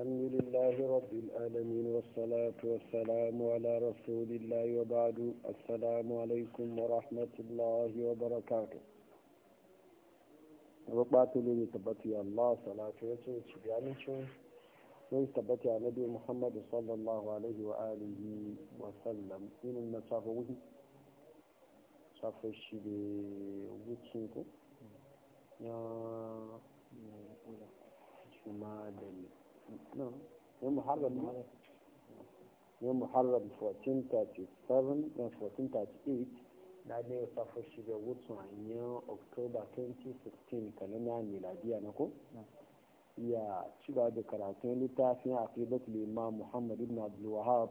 الحمد لله رب العالمين والصلاة والسلام على رسول الله وبعد السلام عليكم ورحمة الله وبركاته ربات لي تبتي الله صلاة وسلام لي ثبت على نبي محمد صلى الله عليه وآله وسلم إن المسافة وهي شافه يا ما يا يوم محرم يوم محرم 1437 1438 na ne safo shiga wutsun hanyar october 2016 kalina miladiya na ko ya ci ba da karatun littafin aqidatul imam muhammad ibn abdul wahab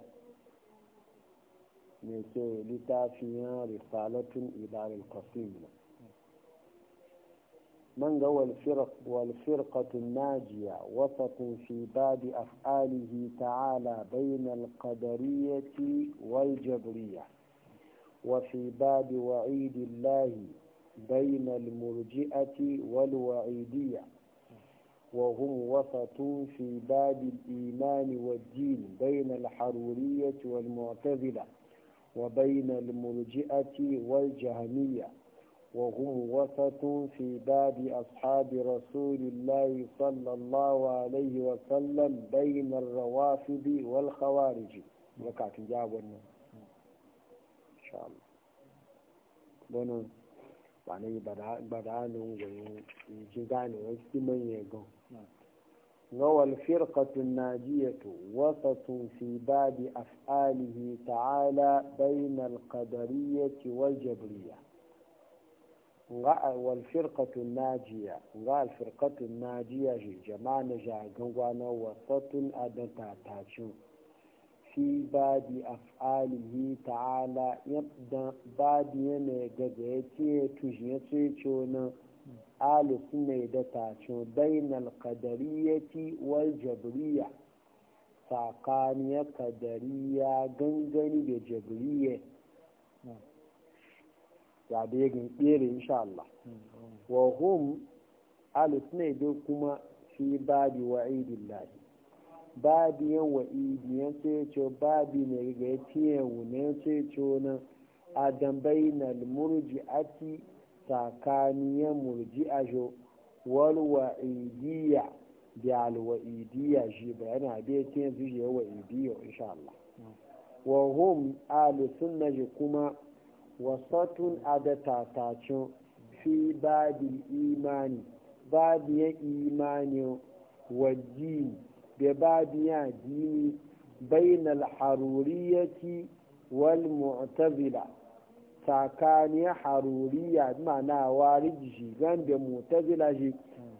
ne ke littafin risalatun idarul qasim من هو الفرق والفرقة الناجية وسط في باب أفعاله تعالى بين القدرية والجبرية وفي باب وعيد الله بين المرجئة والوعيدية وهم وسط في باب الإيمان والدين بين الحرورية والمعتزلة وبين المرجئة والجهمية وهم وسط في باب أصحاب رسول الله صلى الله عليه وسلم بين الروافد والخوارج وكا تجاب إن شاء الله بنا wani wasu kiman yago rawar firkatun najiyatu wasatun fi babi ta'ala bainal qadariyati wal jabriya nga wal firqatu najiya nga firqatu najiya shi jama'a na jagan gwana wasatun adanta ta fi badi af'alihi ta'ala yadda badi yana gaga ya ce tushi ya ce ce wani da ta bainal qadariyati wal jabriya tsakaniyar kadariya gangani da jabriya ya da yagin tsere insha Allah wa hum alisne da kuma fi babi wa idillahi babi yan wa idi yan tseco babi ne ga ya tiye wunan tseco nan a dambai na murji'ati tsakaniyan murji'ajo wal wa idiya da idiya shi bayana da ya wa idiya insha Allah wa hum alisunna kuma wasatun adata tacin fi babi imani babi ya imani wajini da babi ya dini bainal haruriyati wal mu'tazila tsakani haruriya mana wariji shi gan da mu'tazila shi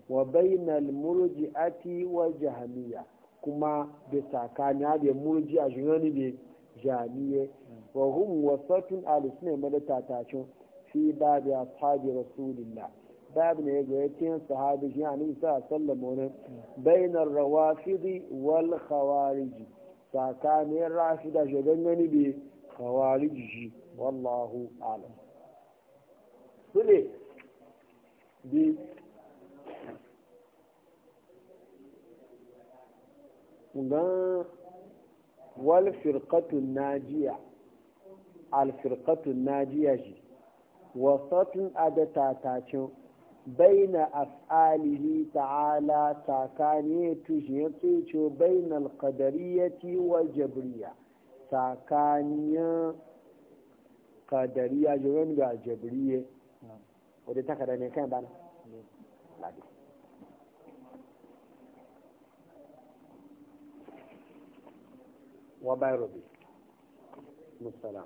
wa bainal murji'ati wal jahmiya kuma da tsakani da murji'a shi gani da jami'a wa hum wasatun alusne mada tatacin fi babi ashabi rasulillah babu ne ga yakin sahabi shi a nisa sallam wani bainar rawafidi wal khawariji tsakanin rafida shi gangani bai khawariji shi wallahu alam sule bi gan wal firqatun najiya alfirkatun najiya shi wasatun adata tacin baina as'alihi ta'ala tsakani tushe ce baina alqadariyati wa jabriya tsakaniya qadariya jiran ga jabriye wadda ta kada ne kan bana ladi wa bayrobi musallam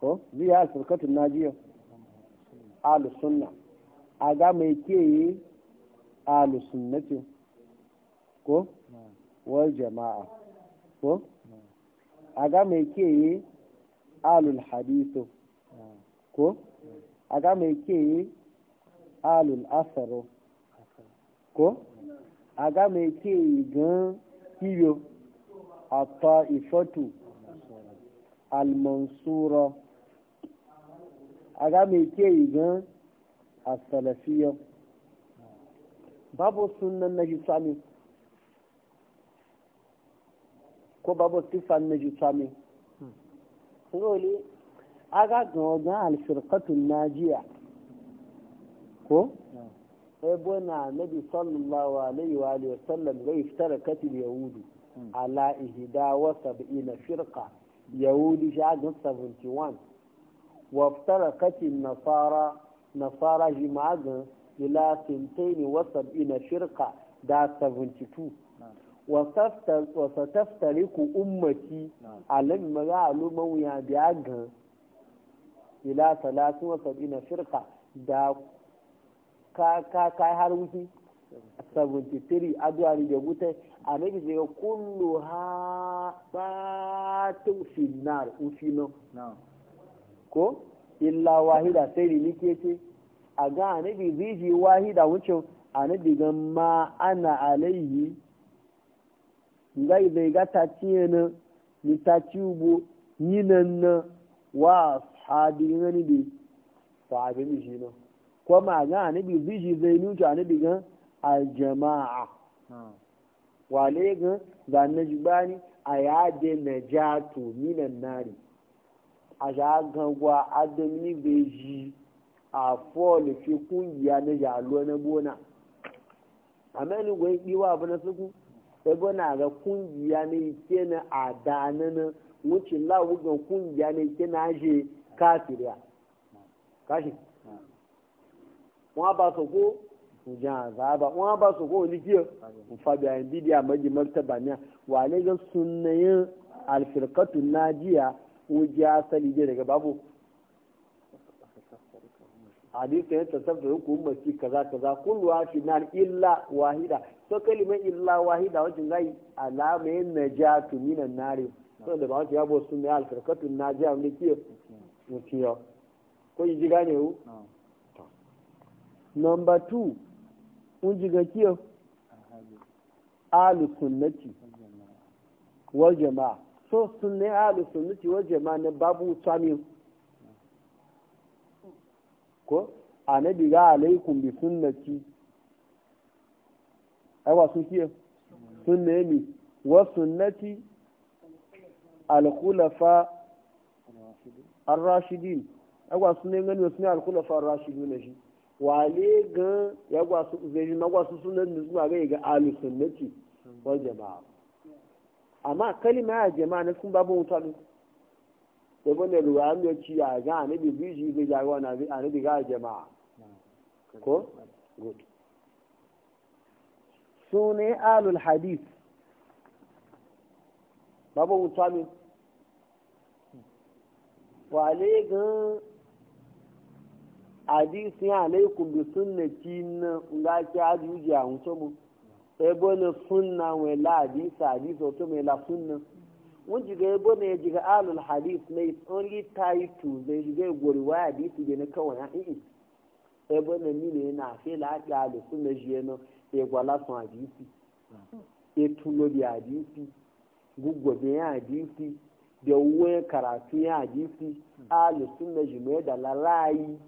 ko biya alfarkatun najiya alusunna a ga mai ke yi alusunnati ko wal jama'a ko a ga mai ke yi ko a ga mai ke yi ko a ga mai ke yi gan a ta'ifatu al-mansura a ga mai ke yi gan a salafiyar babu sunan na hisami ko babu sifan na hisami roli a ga gan ogan alfirkatun najiya ko ebo na nabi sallallahu alaihi wa alihi wasallam ga iftara katil yahudu ala ihda wa sab'ina firqa yahudi shagan 71 waftara katin nasara nasara jima'azin ila sintaini wasabi na shirka da 72 wasataftari ku ummati alam maza aluman ya biya gan ila talatin wasabi na shirka da ka kai har wuce 73 aduwa ne da wuta a nabi zai kullu ha ba ta ufi nar ufi nan ko illa wahida sai ni ke ce a ga anabi ziji wahida wucin anabi ga ma ana alaihi ngai zai ga ta ciye na ni ta ci yinan na wa sahabi ngani bi sahabi mi shi na ko ma ga anabi ziji zai nuce anabi ga aljama'a hmm. wale ga zanna jibani a yade najatu minan nari a sha gangwa adamini bai a fol fi kungiya na jalo na bona a mani gwai ɗiwa abu na suku ebe na ga kungiya na ike adana na wuce lawugan kungiya na ike na ashe kashi wọn wọn ne ne wuji asali ne daga babu hadisi ya tasabta yanku umarci kaza kaza kullu nan illa wahida so kalima illa wahida wajen gai alama yin najatu minan nari so da ba wajen yabo sun ne alkarkatun najiya wani ke mutiyo ko yi ji gane hu number two kun ji ga kiyo alu sunnati wal jama'a so sun ne alu sunnati wal jama'a na babu tsami ko a na ga alaikun bi sunnati ai wa sun kiyo sunne mi wa sunnati al khulafa ar rashidin ai wa sunne ngani wa sunne al khulafa ar rashidin shi wale gan ya gwasu su zai na gwa sunan da zuwa ga ga alu wajen ba'a amma kalima ya jama na sun babu mutane da wanda ruwa ya ci a ga anabi biji zai jagowa na anabi ga jama'a ko good su ne alul hadith babu mutane wale gan hadisi alaikum bi sunnati na ga ki hadisi a mutumin ebo na sunna we la hadith hadith to me la sunna won jiga ebo ne jiga alul hadith ne only tie to the jiga gori wa hadith je ne kawai in ebo na ni ne na fe la ti alul sunna je no e gwa la sun hadith e tun lo di hadith gugu be ya hadith da wuwe karatu ya hadisi alu sunna jume da larayi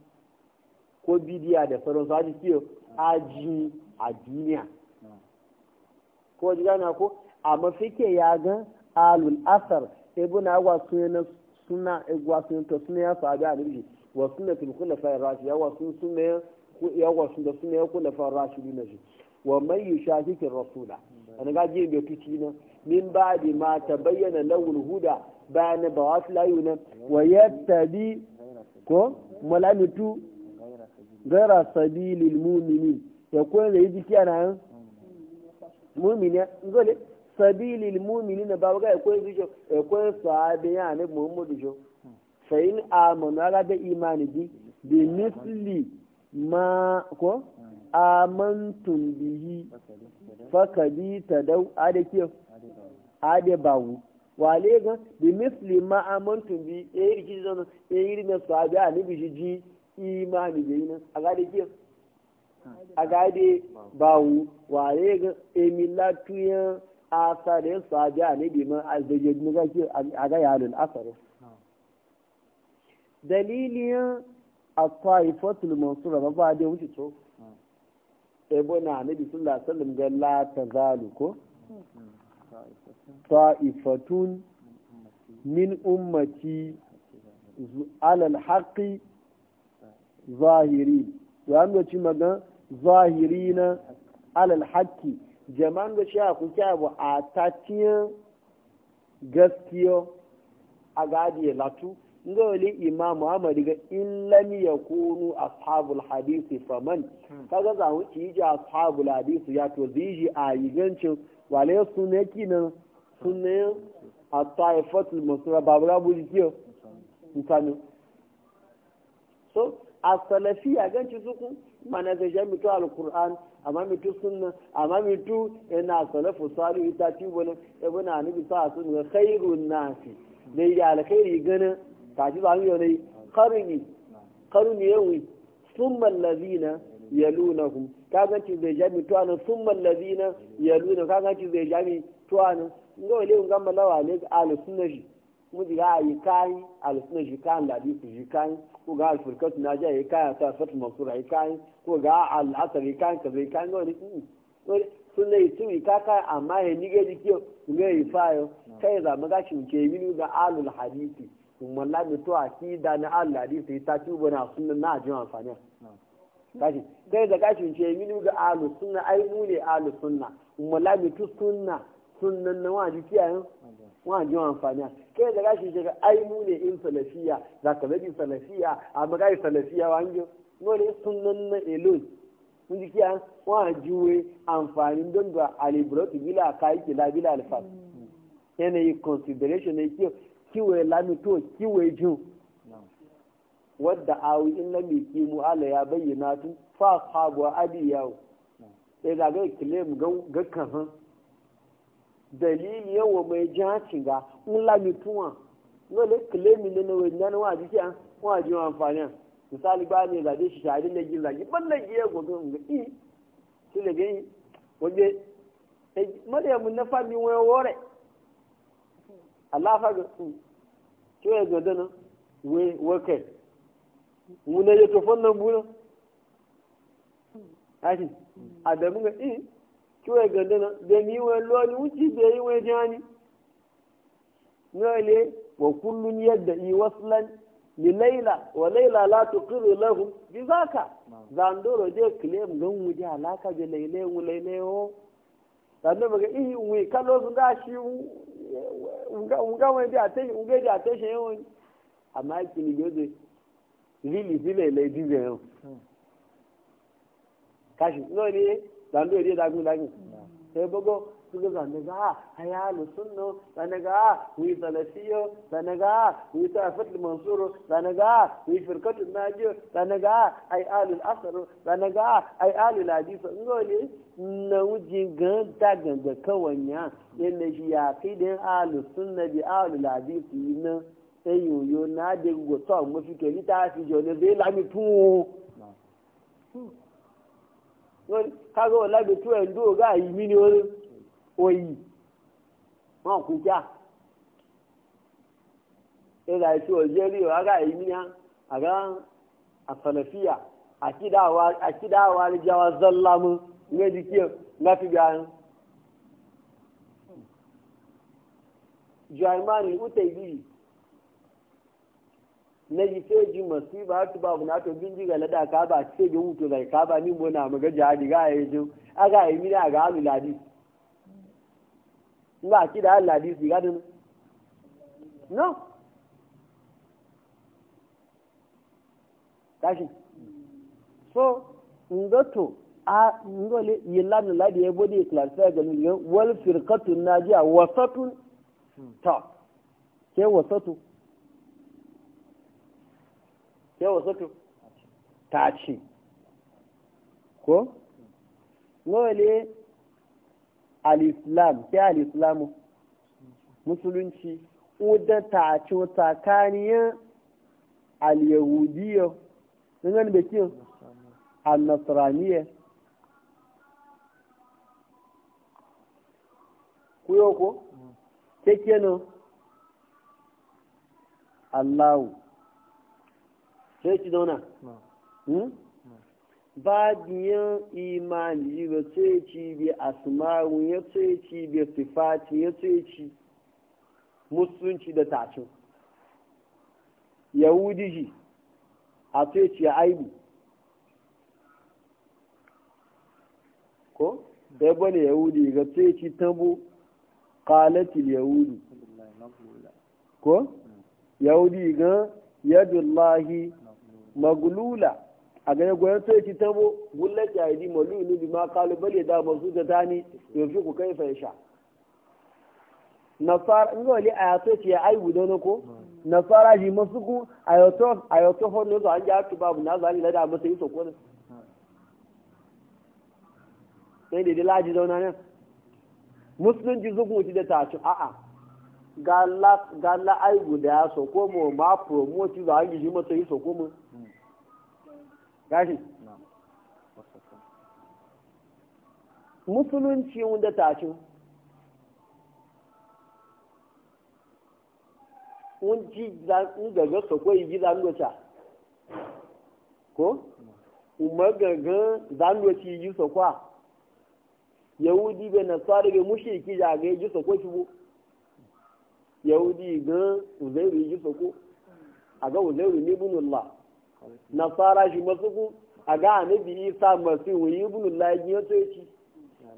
ko bidiya da sauran su hadisi aji a duniya ko ji gane ko a mafi ke ya ga alul asar ibn agwa suna suna agwa suna to suna ya sabi a nabi wa suna fil khulafa ar-rashid ya wa sun suna ya wa sun da suna ya khulafa ar-rashidin shi wa man yushakiki rasula an ga ji be kici na min ba ba'di ma tabayyana lawul huda bayan ba wa layu filayuna wa yattabi ko malamitu gaira sabilil mu'minin ya kuwa da yi jiki a nan mumina ngole sabili mumini na babu ga ko bijo ko sahabe ya ne muhammadu jo sayin amanu ala da imani bi bi misli ma ko amantum bihi fakadi tadau ade kiyo ade bawu wale ga bi misli ma amantum bi e yiri kizo e yiri na sahabe ani bi ji imani bi a aga de kiyo a agade bawu ware ga emila tuya asare su a ne bi man albayyar muka ce a ga yalin asare dalilin a taifatul mansura ba ba da wuce to ebo na ne bi sun wasallam ga la zalu ko taifatun min ummati alal haƙi zahiri to an ga ci magana Zahiri na alal haqqi jama'an da shi ku kya bu a tatiyan gaskiyo a gadi latu ngoli imam muhammad ga in lami lam yakunu ashabul hadisi faman hmm. kaga za mu ci ji ashabul hadisi ya to ziji a yi gancin wale sunne kinan sunne a taifatul masura babura buji kiyo mutane so a salafi salafiya ganci suku mana zai ja mitu alkur'an amma mitu sunna amma mitu yana salafu salu ita e wani ni bi sa sun ga khairun nasi da ya khairi gana ta ci zamu yo ne qarni qarni yawi thumma allazina yalunahum ga ti zai jami mitu an thumma allazina yalunahum kaga ci zai ja mitu an ngawale ngamalawa ne al sunna mudi ga yi kayi alisunan shi kayan labi su shi kayan ko ga alfurkatu na jiya yi kayan ta fatul mansura yi kayan ko ga al'asar yi kayan ka yi kayan wani sun yi tun yi kaka amma ya nige jiki su ne yi fayo kai za mu gashi mu ke yi ga alul hadisi kuma labi to a da na alul hadisi yi ta tuba na sunan na ajiyar amfani gashi kai da gashi mu ke yi ga alul sunna ai mu ne alul sunna kuma mu to sunna sunan na wa jiki wa ji amfani kai da gashi daga ai mu ne in salafiya za ka zabi salafiya a magai salafiya wa anjo no ne sunan na elon mun ji kiya wa juwe amfani don da alibrot bila ka, kai kila bila alfas yanayi consideration ne kiyo kiwe lamito kiwe jun wadda awi in lam yuqimu ala ya bayyana tun fa ashabu adiyaw sai da ga kilem ga kan dalili yawa mai jihacin ga in lamituwa dole kilemi ne na wajen yana wa jiki an wa ji wa amfani misali ba ne zaɓe shi shahadin na gina zagi ban lagi ya gobe in ga i e hmm. shi da gani wajen maryamu na fami wani wore Allah faga su to ya gada nan we wakai mun ya tofon nan bunan ashi adamu ga i kiwe ganda na da mi we lo wuci da yi we jani wa kullun yadda i waslan li laila wa layla la tuqiru lahu bi zaka zandoro je claim mu alaka bi layle wu o sanne baga i wi kalo sun ga shi unga unga we te da te amma kini gozo lili zile le hmm. kashi zando ya je zagin zagin sai bago suka zane ga hayalu sunno zane ga wi salafiyo zane ga wi tafat mansuro zane ga wi firkatu najiyo zane ga ai alul asaro zane ga ai alul hadisa ngoli na wuji ganta ganga kawanya yanda shi ya fi da alul sunna bi alul hadisi na eyoyo na de goto mo fi keli ta fi jo le be lami tu. wọ́n kága wọn lábẹ́ tó ẹ̀ ń dúró gáà yìí mí ni oyi wọn kò já ẹ̀rọ àìsí ọ̀jẹ́ rí ọ̀rá yìí mí ni àgá àfẹ̀lẹ̀fíà àkídáwà ni jáwá zọ́lámú ní ẹ̀dí kí jọ àìmáàlì ó tẹ̀ ìbí yìí. na yi sai ji masu ba hatu ba na to bin ji gala da ka ba ce ji hutu zai ka ba ni mona mu ga jihadi ga yi aga a ga yi mina ga alu ladi ba ki da alu ladi su gadin no tashi so ngato a ngole yillan ladi ya bode classifier ga ni wal firqatun najiya wasatun ta ke wasatu yawa sato ta ce ko nwale al-islam ke al-islamu musulunci udan ta ce tsakaniyar al-yahudiyya sun gani da kiyo al-nasraniyya kuyo ko mm. ke kenan allahu sai ci dauna hmm? ba biyan imani ba sai ci bi asmaru ya sai ci bi sifati ya sai ci musulunci da tashin yahudi shi a sai ci ya aibu ko sai bane yahudi ga sai ci tambo qalatil yahudi ko yahudi ga yadullahi maglula a ga gwaye to ki a gullati aidi malulu bi ma qalu bal yada mabsuta tani yufiku kaifa sha nasara a ya ayato ya ai na ko nasara ji masuku ayato ayato ho ne an ji ki babu na zani lada masa yi soko ne sai da laji zauna ne musulun ji da a'a soko ma ji masa yi soko mu gashi musulunci wanda tashi ga gaga yi ji zangoca ko? umagaga zangoci yi sakwa yahudi bai nasara bai mushirki jaga yi sakwa shi bu yahudi ga uzairu yi sako a ga uzairu ne bunullah nasara shi masu a ga anabi isa masu wuyi bulu lagi ya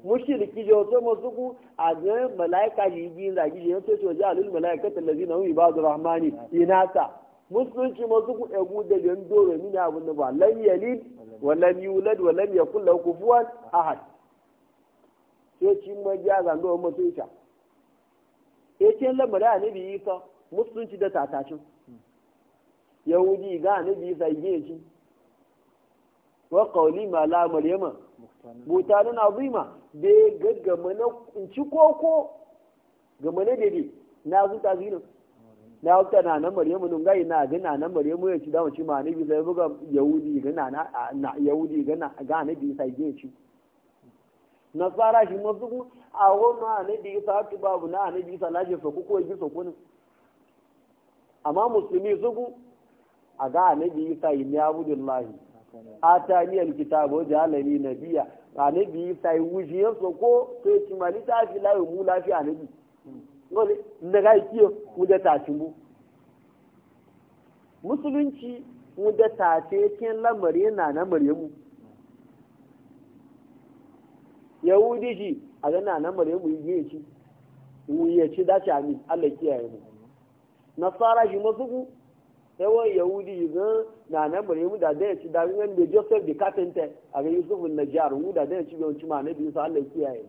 mushi da kije wato masu ku a ga malaika shi bi da gi ya tsoci wajen alul malaika tallazi na wi ba'd rahmani inaka musulunci masu ku egu da yan doro mini abun da ba lam yalid wa lam yulad wa lam yakul lahu kufuwan ahad ya ci ma ja ga ndo masu ita yace lamarin anabi isa musulunci da tatacin yahudi ga annabi zage shi wa qawli ma la maryama butanun azima be gaggama na kunci koko gama na dede na zuta zinin na wuta na na maryamu nun gai na gina na maryamu ya ci da ci ma annabi sai buga yahudi gana na yahudi gana ga annabi sai ge ci tsara shi masu a wani annabi sa tu babu na annabi sa laje ku ko ji so kunin amma musulmi zugu aga ga annabi isa inni abudullahi atani alkitabu jalani nabiya annabi isa wuji ya so ko sai ci mali ta fi lawo mu lafiya annabi ngole inda ga kiyo mu da tashi mu musulunci mu da tace kin lamari na na maryamu yahudi shi a na na maryamu yi ci mu yi ci dace amin Allah kiyaye mu nasara shi masu yawan yahudi gan na nan bari da da ci da joseph the carpenter a ga yusuf najjar mu da da ya ci yawanci ma nabi sa Allah kiyaye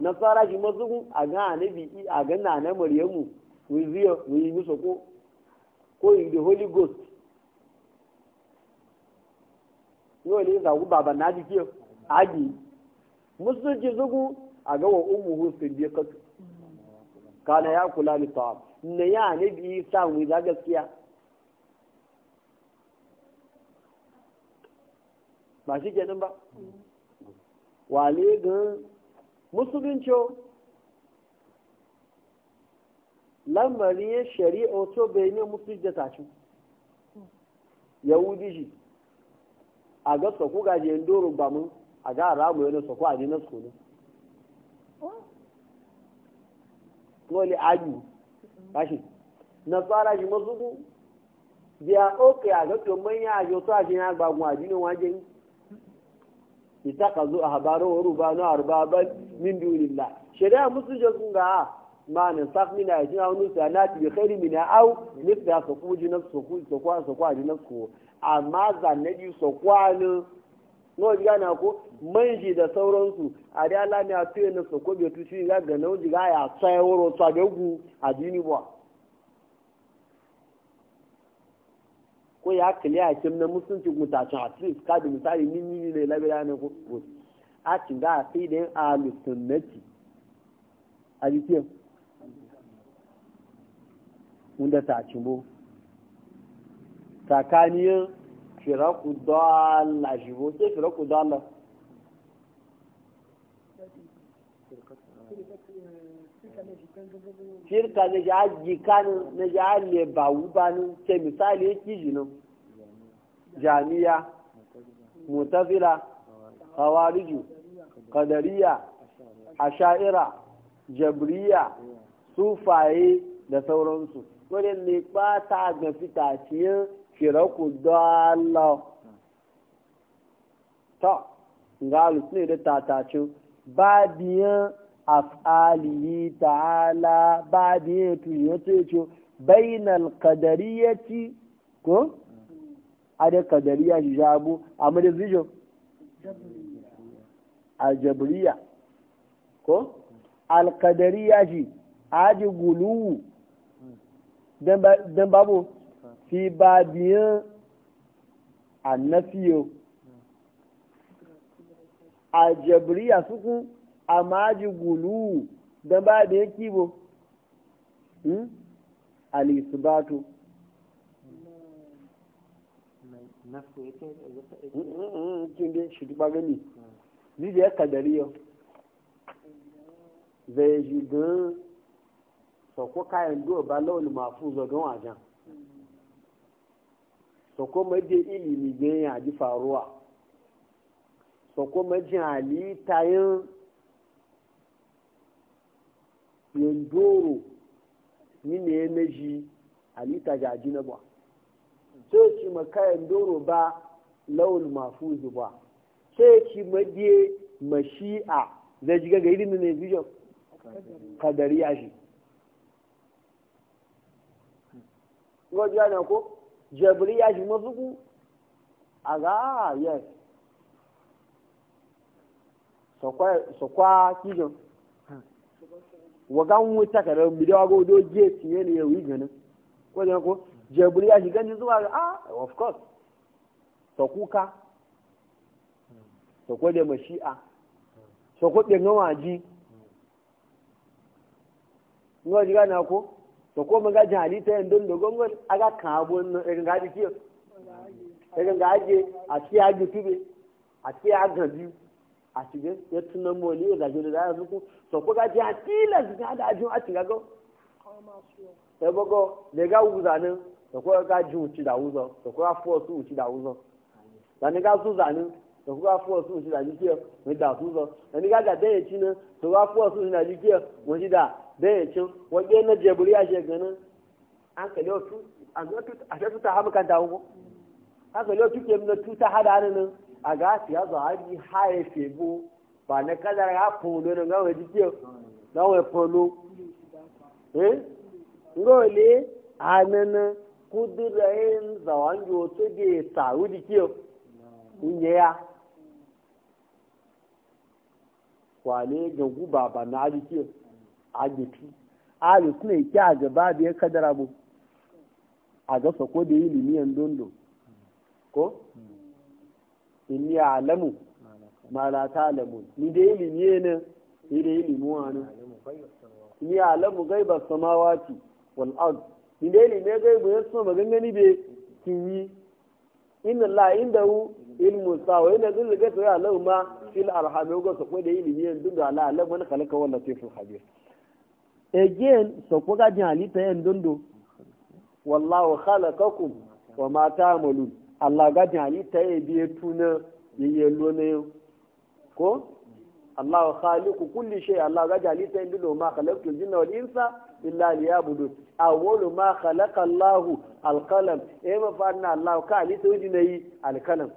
nasara ji mazugun a ga annabi a ga na nan maryamu we ziyo yi ko in the holy ghost yo ne za ku baba na ji kiyo adi musulunci zugu a ga wa ummuhu na ya ne bi sa mu za gaskiya ba shi kenan ba wale gan musulunci lamarin shari'a to bai ne musulunci da tashi yahudi shi a ga soko gajiyan doro ba mun a ga ramu yana soko a ne na soko ne oh. wani ajiyu kashi nasara shi mazugu biya ɗauka ya ga manya a ta shi ya ba mu addinin wajen itakazu ahbaru wa rubana arbaban min dunillah shari'a musulunci sun ga ma na na wani khairi min au na ji na amma ne no na ko manji da sauransu a da alami a tuye na soko bai tushi ga ga nan jiga ya tsaye wuro tsabegu a dini ba ko ya kile a kim na musulunci mutacin at least ka bi misali ni ni ne labira ne ko a cin ga a fi da a lusunnati a jikin wanda ta cimbo tsakaniyar firakudu ala shi ko sai firakudu ala shirka na ji jikanin na ja ne ba wubanin ke misali kiji jinin jami'a mutazila hawariju kadariya asha'ira jabriya sufaye da sauransu wani ne ta ga fitaciyar shiraku dalla ta ga alusu ne da tatacin babiyan af'alihi ta'ala babiyan tuyo ce ce bainal qadariyati ko ada qadariya hijabu amma da zijo aljabriya ko alqadariya ji aji gulu dan babu fi babiyan annafiyo a jabriya suku a maji gulu don ba da ya kibo hmm? alisibatu kinde shi ya kadari yau zai ji gan sako kayan do ba launin mafu zagon wajen sako mai ilimi gan ya ji faruwa so kuma jin halitta yin yandoro ni ne na ji halitta ga ji na ba sai ci maka yandoro ba laul mafuzi ba sai ci madiye mashi'a zai ji gaga irin ne zuwa kadari ya shi gwajiya na ko jabri ya shi mazuku a ga yes sokwa kijo waga wuta kare mu da wago do je tiye ne yawi ganin ko ne ko jabri ya shiga ni zuwa ah of course sokuka sokwa da mashi'a sokwa da nawaji nwa diga na ko sokwa mun ga jali ta yan dondo aga ka no irin ga dikiyo kiyo ga aje a ti aju tibe a ti agan a cikin ya tunan moli ya gaji da za su ku so ko gaji a tilas ga da ajin a cikin ga sai bago ne ga uzanin so ko ga ji uci da uzo so ko ga fuwa su da uzo da ne ga su zanin so ko ga fuwa su uci da jike mai da su zo da ne ga da dai ci ne so ga fuwa su uci da jike wani da dai ci ne na jeburi a sheganin an kalli otu a zai a shi ta hamukanta hukun haka lokacin da tuta hada nan a ga siya zo haji haye fego ba na kada ya polo na gawa jike gawa polo eh ngole anana kudirayin zawanjo to ge taru jike unye ya kwale ga guba ba na jike agitu alu kuma yake a gaba da ya kadara bu a ga sako da yi limiyan dondo ko inni alamu ma la ni da ilimi ne ni da ilimi wani Inni alamu gaiba samawati wal ard ni da ilimi gaiba ya so magangani be kinyi inna la indahu ilmu sa wa inna zul gaiba ya lahu ma fil arham go so ko da ilimi ne duk da la alamu wani kalaka wala tiful khabir again so ko ga jali ta en dondo wallahu khalaqakum wa ma ta'malun Allah gajin halitta ya biye tuna ya yi na yau ko Allah khaliqu kulli shay Allah gajin halitta ya bilo ma khalaqtu jinna wal insa illa liyabudun awwalu ma khalaqa Allah alqalam eh ma fanna Allah ka halitta wani ne yi alqalam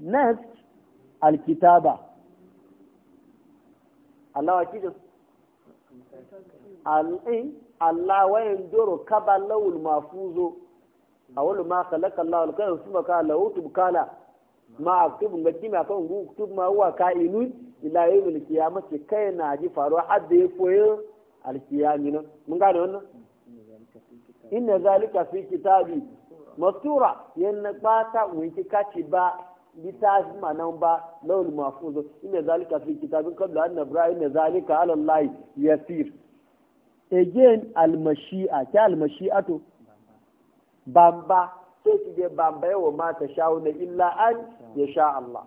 nas alkitaba Allah wa kidan al'in Allah wayan doro kabalawul mafuzo awolu ma khalaqa Allahu al-qalam ka qala lahu tubkala ma aktub ngati ma kan gu tub ma huwa kainun ila yawmil qiyamati kai na ji faru hadda ya koyo al-qiyami mun gane wannan inna zalika fi kitabi mastura yanna bata winki kaci ba litafi manan ba lawul mahfuz inna zalika fi kitabin qabla an ibrahim inna zalika ala Allah yasir again al-mashi'a ka al-mashi'atu bamba sai su je bamba yawa ma ta shawo na illa an ya sha Allah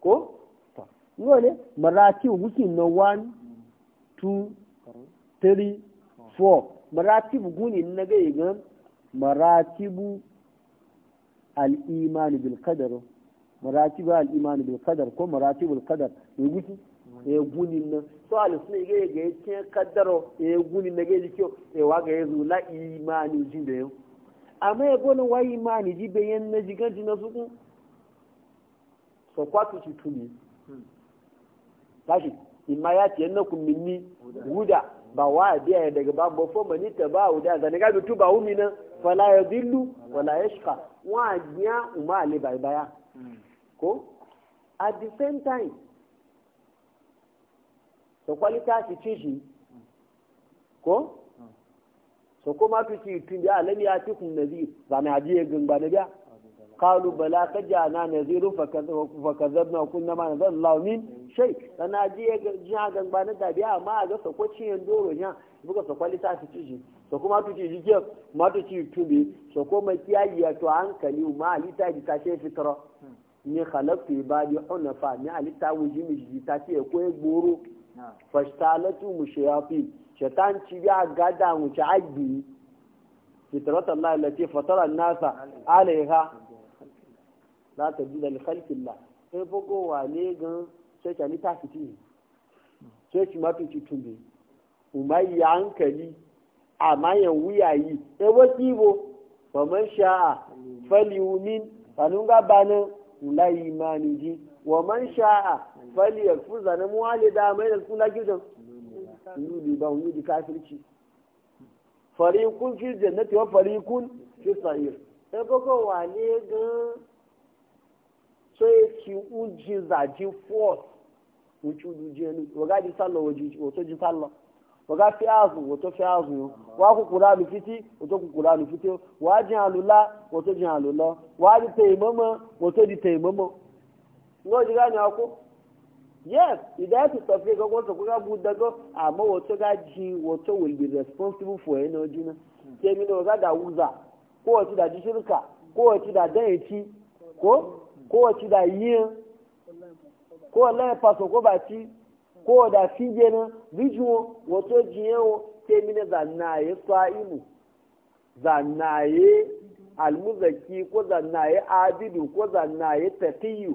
ko yau ne marati wuki na 1 2 3 4 marati guni na ga gan marati bu al'imani bil kadar. Marati bu al'imani bil kadar ko marati bu kadar. ne wuki ya guni na so ne ga ga yake kadar ya guni na ga yake Ya waga ya zo la'imani jin da yau amma ya gonin wayi ma ni ji bayan na ji ganci na suku so kwatu shi tuni hmm. tashi imma ya ce na kun minni huda ba wa biya daga ba ba fo mani ta ba huda zane ga bitu ba umi na fala ya dillu wala ya wa ya umma ali bai baya hmm. ko at the same time so kwalita shi ci shi hmm. ko so kuma fi ci tun ya alam ya ci kun nazir ba na je gangba na biya qalu bala ja na naziru fa kadzabna kunna ma zan Allah min shay na ya jiha gangba na da biya amma ga so ko doro nya buga so kwalita su ci ji so kuma fi ci jike ma tu ci tubi so ko ma kiyayi ya to hankali ma alita ji ta ce fitra ni khalaqtu ibadi hunafa ni alita wujimi ji ta ce ko gboro fashtalatu mushayatin شيطان ci ya gada mu ci agbi fitratan la lati fatara nasa alaiha la ta bi sai bugo wale gan sai ta ni ta fiti sai ki mafi ci tumbe umai ya hankali amma yan wuyayi sai wasi bo faman sha'a falyumin kanunga bana ulai ji wa man sha'a mai da kula gizon yudi ba yudi kafirci fariqun fi jannati wa fariqun fi sa'ir ki uji force ni sallo ji sallo fi azu wato fi azu yo wa ku qur'anu fiti wato ku qur'anu fiti wa ji alula wato ji alula wa ji taimama ngo ji yes idan su tafi ga wata kuka buɗe ga amma wato ga ji wato will be responsible for energy na ke mi da wuza ko wace da shirka ko wace da dayaci ko ko wace da yin ko wallahi faso ko baci ko da fije na bijuwo wato jiyewo ke mi da zannaye sa'imu zannaye almuzaki ko zannaye abidu ko zannaye tafiyu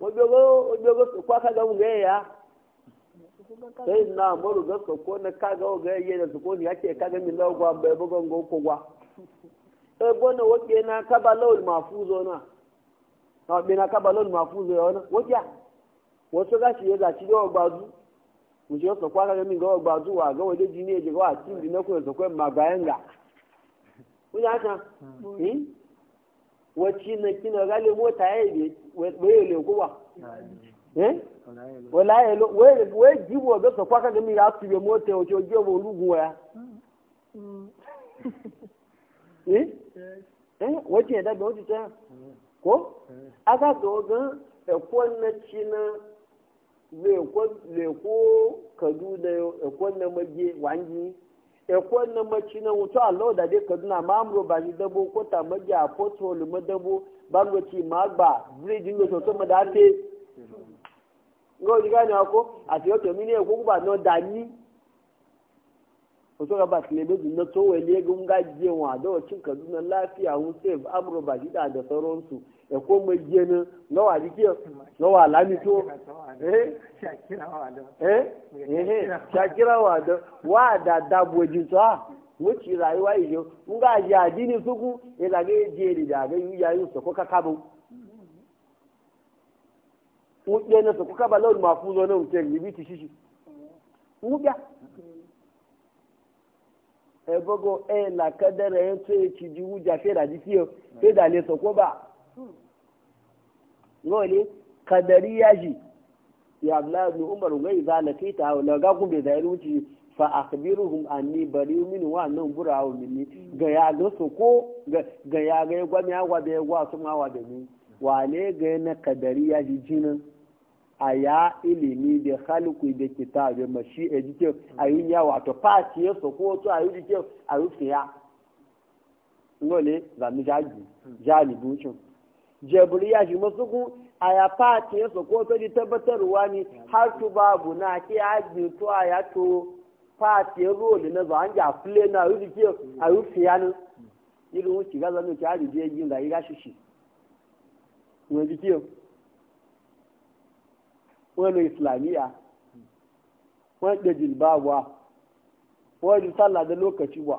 wajogo wajogo su kwa kaga mun gaya ya sai na moru ga su ko na ka o ga yayin su ko ni ake kaga min lawo gwa bai bugon go ko gwa e bona wote na kaba lawul mafuzo na na be na kaba lawul mafuzo ya ona wote wasu ga shi ya zaci ga gbazu mu je su kwa kaga min ga gbazu wa ga waje jini ya je ga tin din na ko su ko magayan ga kun ya ta eh hmm. hmm? wacce na kina gale mota ya yi waye lekuwa eh? wala ya lo waye jibo ga so kwaka ga mi ya su be mota o jo jo lugu ya eh eh wacce da ga wacce ta ko aka ga ga ekon na china le ko le ko kadu na maje wangi ekwan na maci na wuto allo da dai kaduna ma amuro ba ni dabo ko ta maji a port ma dabo ba ngo ci ma gba bridge ngo to ma da te ngo di gani ako ati o to mi ne ko ba no da ni o to ba ti le be na to we nga gunga je wa do cin kaduna lafiya hun save amuro ba da da sauransu ya koma yana na wa jike na wa lamito eh eh shakira wa wa da dabojin ta wuce rayuwa ijo in ga ji adini suku ya zage je da ga yi yayin su ko kakabo wuɗe na su ko kaba lawan mafuzo na mutum libiti shishi wuɗa ebogo eh la kadara yanzu ya ci ji wuja fera jikiyo feda ne sokoba ngole kadari ya ji ya abla ni umar ngai za na kaita ta na ga kun zai ruci fa an anni bari min wa annahum bura'u minni ga ya ga so ko ga ya ga gwa mi agwa ya gwa su ma wa da ni wa ne ga na kadari ya ji a aya ilimi da khaliku da kitabe mashi a jikin ayun ya wato fati ya so ko to ayu jikin ayu fiya ngole za mi jaji bucin jabriya shi masu kun a ya fati ya sako ta ji tabbatarwa ne har tu babu na ke ajiye to a ya to fati ya roli na zuwa ja fule na rufe ke a rufi yanin irin wuce ga zanen ki ajiye yin ga yi gashi shi wani jike wani islamiyya wani da jilbabuwa wani sallah da lokaci ba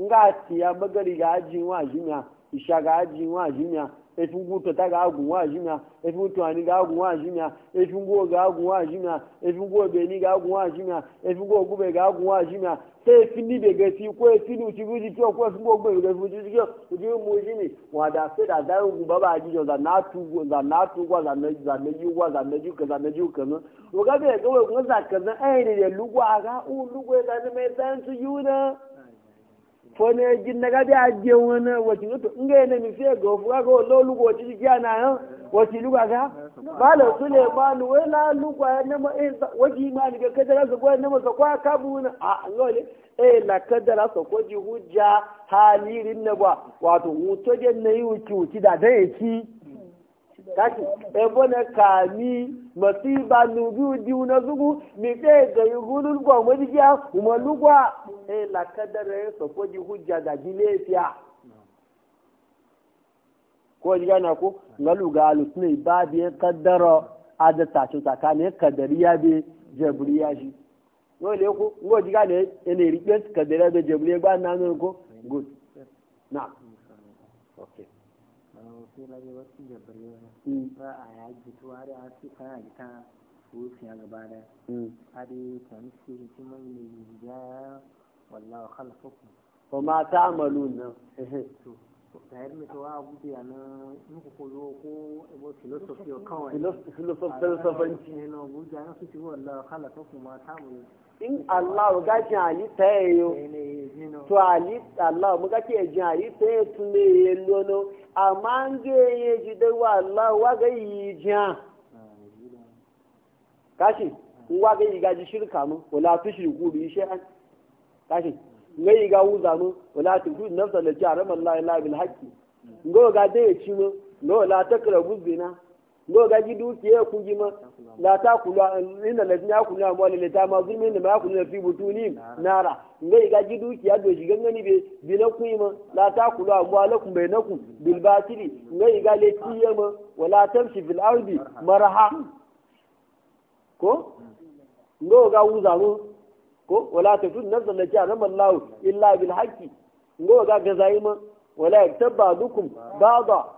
nga tiya magari ga ajiyin wa jimiya isha ga ajiyin wa jimiya efunguto ta ga agun wa jimiya efunguto ani ga agun wa jimiya efunguo ga agun wa jimiya efunguo beni ga agun wa jimiya efunguo gube ga agun wa jimiya sai fini da gasi ko fini uti buji kiyo ko efunguo gube mu da da da ugun baba za na tu za na tu gwa za na za na ji za na ka za na ka no eh, za ne lugwa ga u lugwa ga ne fone jin na gabi a je wani wace mutu in gaya na mifiya ga wafu ga wa lolu ga wace jikiya na yan wace luka ga bala su ne ma ni wai la luka ya nema eh wace ma ni ga kadara su kwa nema sa kwa kabu na a lole eh la kadara sa kwa ji hujja halirin na ba wato wuto je na yi wuci wuci da dai ci kashi ebona kami masiba nubiu diu na zugu mi te ga yugulul gwa mo dikia umalugwa e la kadare so ko di hujja da jilefiya ko diga na ko ngaluga alusne ibadi e, kadara adata chu takane kadariya be jabriya ji no le ko ngo diga ne ene request kadariya be jabriya ba na no ko good na okay sai lalle wasu mm. ba a yaji to har a sai gaba da har mm. ta mishi hikiman ne ya wallawa khalfakum ko ma eh, ta amalu nan tayar mai kawo a gudu ya nan ko koyo ko ebo filosofi kawai filosofanci ne na gudu ya nan su ci wallawa khalfakum ma ta amalu in Allah ga jin halitta ya yi to Allah mu ga ke jin halitta ya tun ne ya lono amma an ga ya ji da wa Allah wa ga yi jin kashi in wa ga yi gaji shirka mu wala tu shirku bi shay'an kashi nga yi ga wuza mu wala tu ku nafsa da jaram Allah la bil haqqi ngo ga da ya ci mu ngo la takrabu zina ngo ga ji dukiya ku ji ma la ta kula inna ya yakulu amwal la ta ma zulmi ne ma yakulu fi butuni nara ngo ga ji dukiya do shi gangani be bi na ku ma la ta kula na ku bil batili ngo ga le tiya ma wala tamshi fil ardi maraha ko ngo ga uza ru ko wala ta tun nafsan lati arama allah illa bil haqi ngo ga ga zaima wala yaktabba dukum ba'da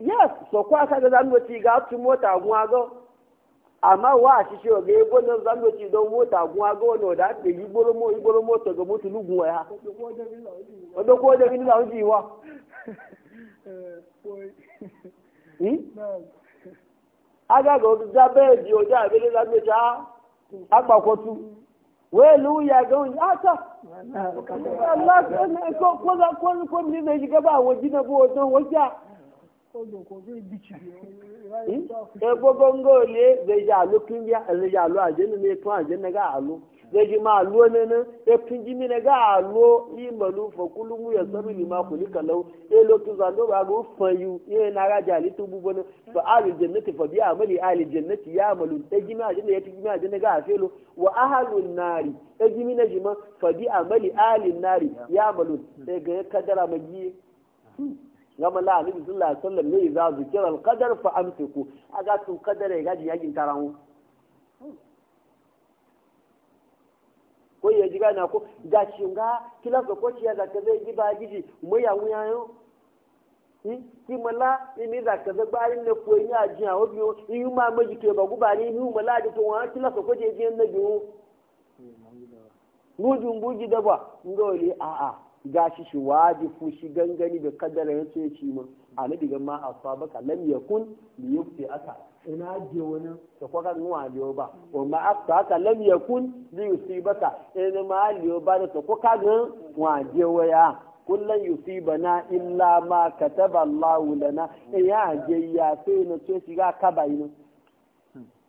yes so kwa ka ga zanu ci ga tu mota gun ago amma wa shi shi ga ebo no zanu ci do mota gun ago no da te igboro mo igboro moto ga mutu lugun ya o do ko de ni la uji wa aga go ga be di o ja be le zanu ja agba ko tu welu ya ga un ata Allah ko ko ko ko ni ne ji ga ba wo ji na bo don wo ja egbogbo eh, ngole zai alu kungiya zai alu ajinu ne tun ajin na ga alu zai ma alu ne ne e kungi mi na ga alu imanu fa kulumu ya sabu ni ma kuli kalau e lo tu zando ba go fayu e na ga jali tu bu fa alu jannati fa bi amali ali jannati ya amalu e gimi ajin ya tigi mi ajin e ga afelo wa ahlun nari e gimi na jima fa ali ya e e gama la alibi sallallahu alaihi wasallam ne za su kira alqadar fa amsiku aga su kadara ya gaji yakin tarawo ko ya ji gana ko ga shi nga kila ko ko ya zaka zai ji giji mu ya mu ya yo ki mala ni zaka zai ba ni ko ni aji a obi o yi ma ji ke ba guba ni ni mala di to wa kila ko je je na hmm, ju mu ju ji da ba a a gashi shi waji ku shi gangani da kaddara ya ce shi a annabi ga ma asabaka lam yakun li yufti aka ina je wani da kwaka wa liyo ba wa ma asabaka lam yakun li yusibaka ina ma liyo ba da ta kwaka ga wa je waya kullan yusibana illa ma kataba Allah lana e ya je ya sai na ce shi ga kaba ne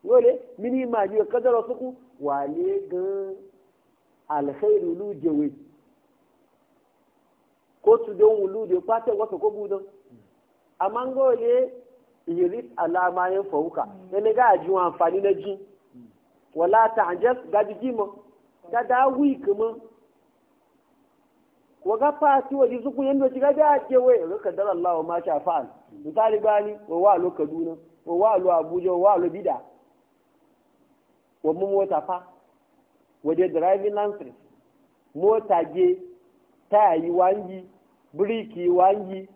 dole mini ma je kaddara suku wale ga alkhairu lu jewe kotu tu don wulu da kwata wasa ko budon amma gole yiris alama yin fawuka yana ga ji amfani na ji wala ta anjas gaji jima ta da wi kuma wa ga fati wa jizuku yanda ci ga da ke wai ga kadar Allah wa ma afa'an fa'al misali bani wa walo Kaduna wa walo Abuja wa walo Bida wa mu mota fa wa de driving license mota je tayayi wangi biriki wangi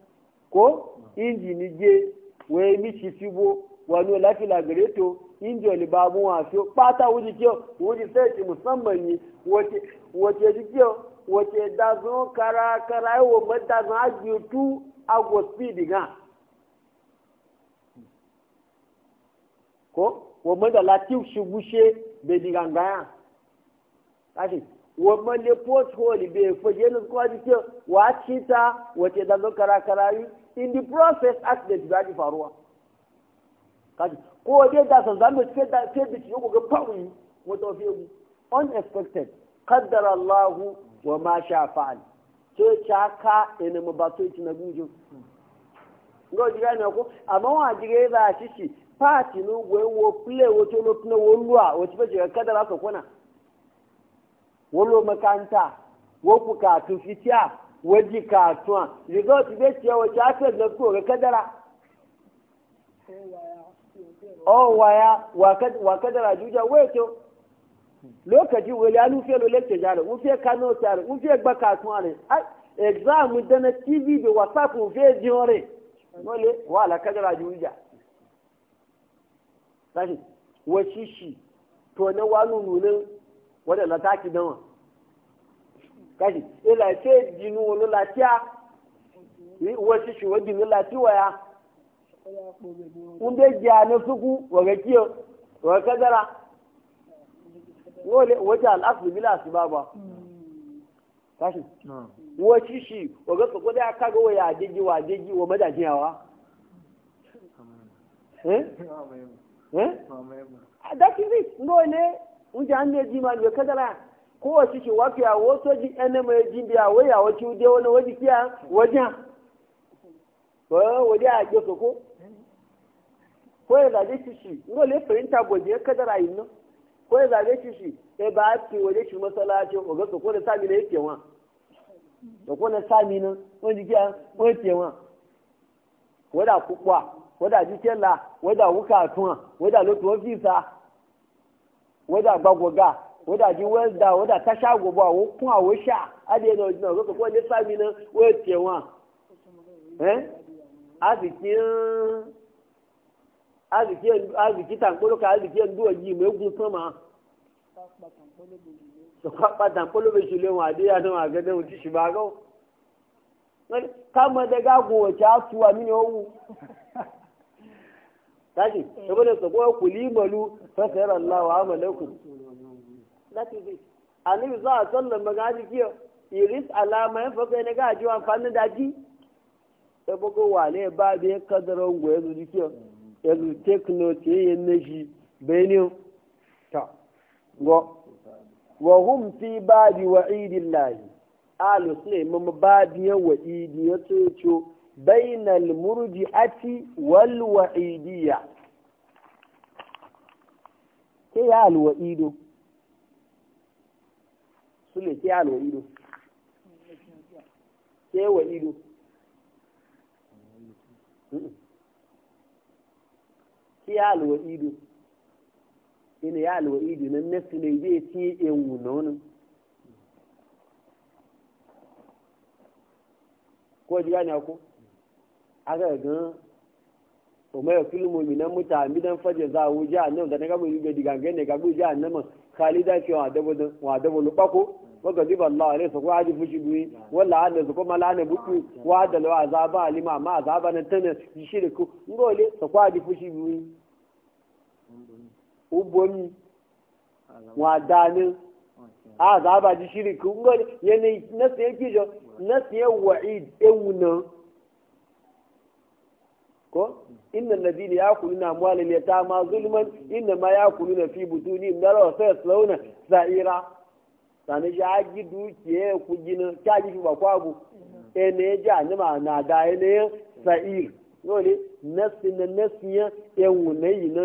ko injini je wee michi fibo wani lafi lagareto inji wani babu wasu pata wuji kiyo wuji sai musamman yi wace ji kiyo wace dazun kara kara yi wa madazun ajiye tu agwa speed gan ko wa madala tiw shi gushe bai digangaya kashi Wa wannan ne portholi bai fage ne kuma ji ce wa ci ta wace da zo kara in the process accident ba ji faruwa kaji ko wace da san zan mai ce da ce da ci yau ga fa'un wata wafe mu unexpected kaddara allahu wa ma sha fa'al ce ca ka ina mu ba so ci na gujin ga wajen gani ko amma wa jire za a shi shi fati no gwe wo play wo to no tuna wo luwa wo ci ba jira kaddara ka kona wolo makaranta wo bukatun fitiya wo jikatuwa riga su bai ciye wace aka da kore kadara o waya wa kadara juja waya to lokaci wani ya nufe lo lecce jare nufe kano tare nufe gba katuwa ne exam dana tv da whatsapp nufe jiyore nole wa ala kadara juja sashi wa shishi to na wani nunin wọ́n lọ táàkì dán wọn káṣí ilà wani ìdìnnú olóla tí a wọ́n ti ṣùgbọ́n ya ń bẹ́ jẹ́ àná fúkú wọ̀rẹ́ kí o wọ̀rẹ́ kẹ́dára wọ́n jẹ́ àlàáfíà bí ba bá bọ̀ káṣí wọ́n ti ṣì wọ̀rẹ́ kọ̀kọ́ dé akágọ́wọ́ wa àjẹjì wa àjẹjì wọ́n mẹ́ta A àwa. Ngole unja an e ne ji e e ma ne kadara ko shi shi wafiya wato ji ene mai ji biya waya wace ude wani waje kiya wajen wajen a ke soko ko ya zaje shi shi ngo le fahimta boje kadara yin nan ko ya zaje shi shi sai ba a ce waje shi masalaci o ga soko da sami na yake wa soko na sami nan wani kiya wani ke wa wada kukwa wada jikela wada wukatuwa wada lotu ofisa wadda gbagwaga wadda ji wadda wadda ta sha gobe a wukun a wusha adiyar na ojina ọgọkọ kọwa ní sami na wọ́n tiẹ̀ wọn azìkí tàǹkóló ka azìkí ẹ̀dúwọ̀ yìí mọ̀ egun tán ma pápá tàǹkóló bẹ ṣe léwọn àdéhà náà àgẹ́dẹ́ òtí ṣùgbọ́n àgọ́ kámọ́dẹ́gá gun ọ̀chá tu àmì asuwa mini owu. Tashi, ṣọ́kọ́ ne sọ̀kọ́ kò ní malu. fasayar za wa amalaikum that is it annabi za a sallan magaji kiyo iris alama ya fasa ne ga ji amfani da ji ta bugo wale ba bi kadaron go yanzu ji kiyo yanzu techno ce yin na shi benin ta go wa hum fi babi wa idillahi alu sune mun ya bainal murji'ati wal wa'idiyya ke ya alwa ido sule ke alwa ido ke wa ido ke ya alwa ido ina ya alwa ido nan na sule zai ci ewu na wani ko ji gane ku aga gan وما يقتل المؤمن متعمدا فجزاؤه جهنم ده نغا بيجي ديغانغ ne ga buja annama khalida fi wa dabo wa dabo lubako wa wa fushi alima ma azaba nan tana shirku ngole fa wa hadi fushi duwi ubomi wa danin azaba di ngole wa'id ko inna alladhina ya'kuluna amwalal yatama zulman inna ma ya'kuluna fi butunihim nara sayaslawna sa'ira sani ja gi ku gina ta gi ba ku abu e ne ja ni ma na da ne sa'ir dole nasi na nasi ya en wunayi na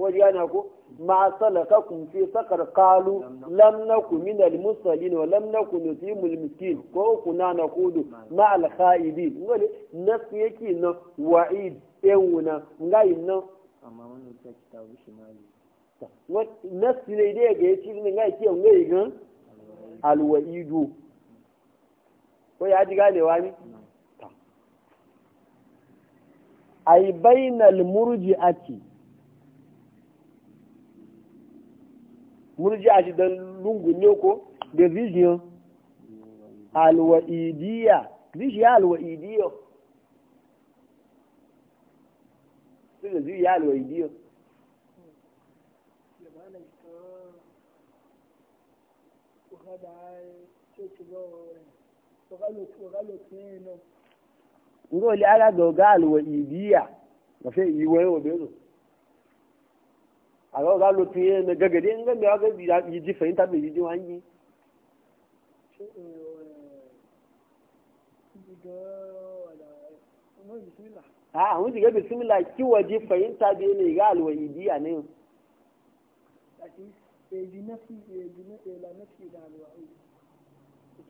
ko ku ma salaka kun fi sakar kalu lam naku min al musallin wa lam naku nutimu al miskin ko kuna na kudu ma al khaidi ngale nasu yake na wa'id ewuna ngai na amma wannan ta kitabu shimali nasu ne dai ga yaci ne ngai ke ngai gan al wa'idu ko ya ji ganewa ne ai bainal murji'ati murji'a shi dan lungu ne ko da vision alwa'idiyya vision alwa'idiyya suka zuwa alwa'idiyya ngoli aga doga alwa'idiyya ba sai yi wayo bezo a ga za lo tuye na gagade in gami ga bi yi ji fahimta bai yi ji wangi a hun shiga ki waje fahimta bai eh, eh, ne ga a nan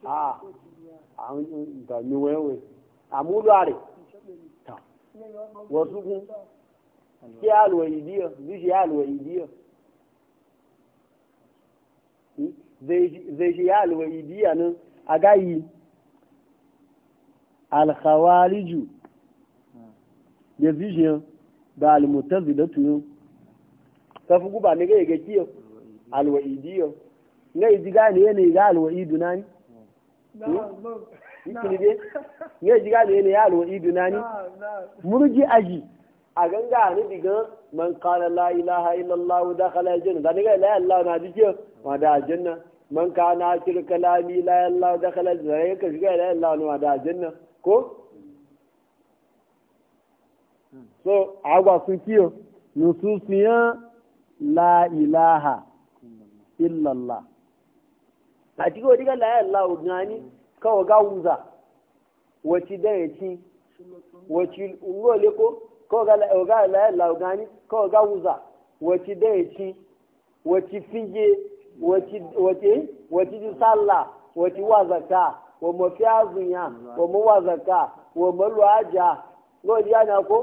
a a hun ga ni wewe a mu lare wasu kun kí alwaidiyya zuci alwaidiyya zai shi alwaidiyya nan a gayi alkhawariju ya zuci da almutazi da tuyo ta fi guba ne ga kiyar alwaidiyya na iji gane yanayi ga alwaidu na ni? ikini dai ya ji gane yanayi alwaidu na ni? aji a ganga a ni diga man qala la ilaha illallah dakhala janna, da diga la ilaha na dike ma da janna man kana akil kalami la ilaha dakhala janna ka shiga la ilaha ma da janna ko so agwa sun kiyo nususiya la ilaha illallah a cikin wadiga la ilaha gani kawai ga wuza wace da ya ci wace ungole ko ko ga ga la la gani ko ga uza wati dai ci wati fije wati wati eh, wati salla wazaka wa mafiazunya wa mawazaka wa malwaja ngo ko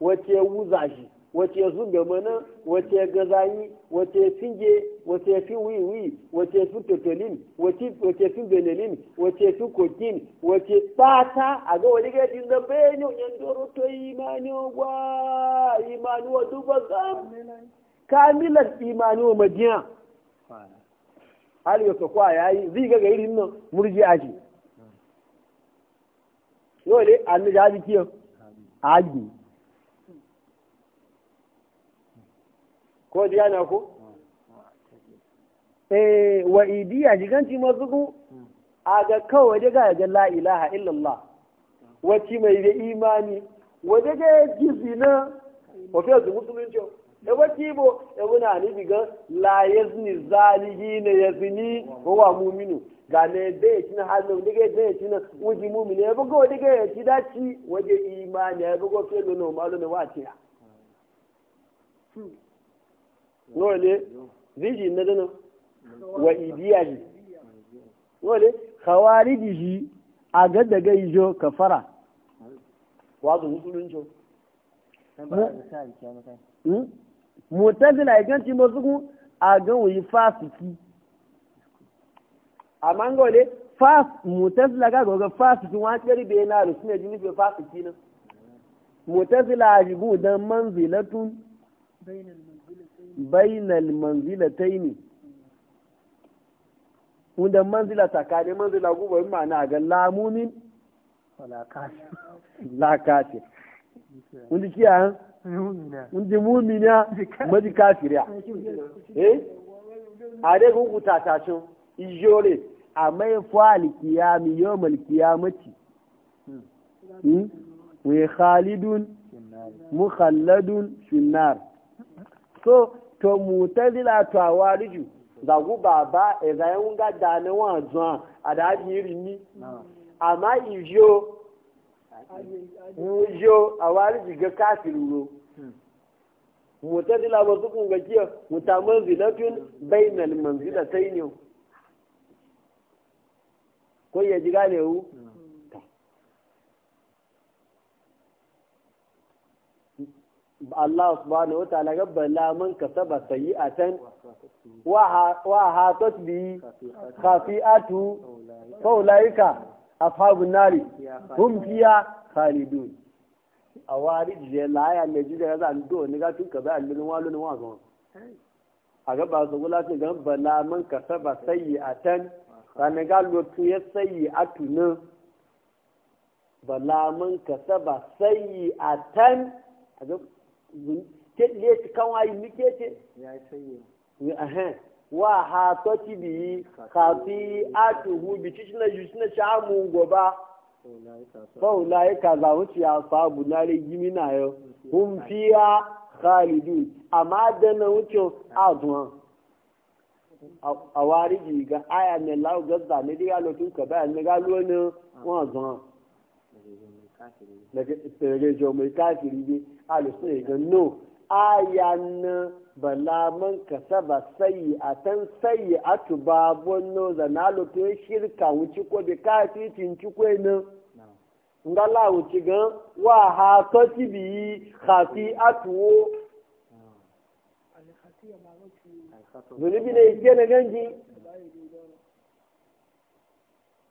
wati uza shi wace ga mana wace zayi wace finge wace fi wiwi wace fi totolin wace fi benelin wace fi kokin wace fata a ga wani gaji na benyo yan doro to imani wa imani wa duba zam kamilan imani wa madiya hali yau kwa yayi zai ga irin nan murji aji yau ne annabi aji kiyo aji ko ji yana ku eh wa idiya jiganci mazugu a ga kawai daga ga la ilaha illallah wacce mai da imani wadda ga jizi na mafiya su musulunci da wacce bo da wuna ni diga la yazni zalihi na yazni ko wa muminu ga ne bai ci na hannu da ga bai ci na wuji muminu ya bugo da ga ya ci daci wajen imani ya bugo fiye da na umaru na wace ya nole ziji na dana wa idiyaji nole khawariji a ga daga ijo kafara wazo jo hmm? mutazila ya ci masu a ga wuyi fasiki amma ga wale fas mutazila ga ga fasiki wani karbe na da suna jini bai fasiki na mutazila a jibu don manzilatun bainal manzila taini, wanda manzila tsakanin manzila guba yin ma'ana ga lamunin lakasir wanda kiya wanda mumina maji kafiriya eh a dai gungu tatashin ijore a mai falikiya miyo malkiya mace hmm. hmm? wai khalidun mukhalladun finnar so to mutazila to awariju da gu baba e ga yun ga da ne wa zan adaji iri ni amma ijo ijo awariju ga kafiru hmm. mutazila ba su kun ga kiyo mutaman zilatun bainal manzilatayn ko ya ji gane wu hmm. Allah subhanahu wa ta'ala ga bala man kasaba sayi'atan wa ha bi khafi'atu ulaika ashabun nari hum fiha khalidun awari je laya ne ji da zan do ni ga tun ka ba allin walun wa zo a ga ba su gula ce ga bala man kasaba sayi'atan sanan ga lotu ya sayi'atu ne bala man kasaba sayi'atan a ga le ti kan ayi mi kete wa ha to ti bi ka fi atuhu bi ti na ju na sha mu goba faulai ka za mu ci asabu na re gimi na yo hum fiya khalidun amma da na wuce azuwa a wariji ga aya ne lawo gazza ne diga lotun ka bayan ne galo ne wọn azuwa daga jo mai kafiri ne alisun ya gano aya na bala man kasaba sayi a tan sayi a tuba bonno na lotun shirka wuce ko bi ka fi cinci ko ngala wuce gan wa ha to ti bi khafi atuwo ah. zunubi ne ke na ganji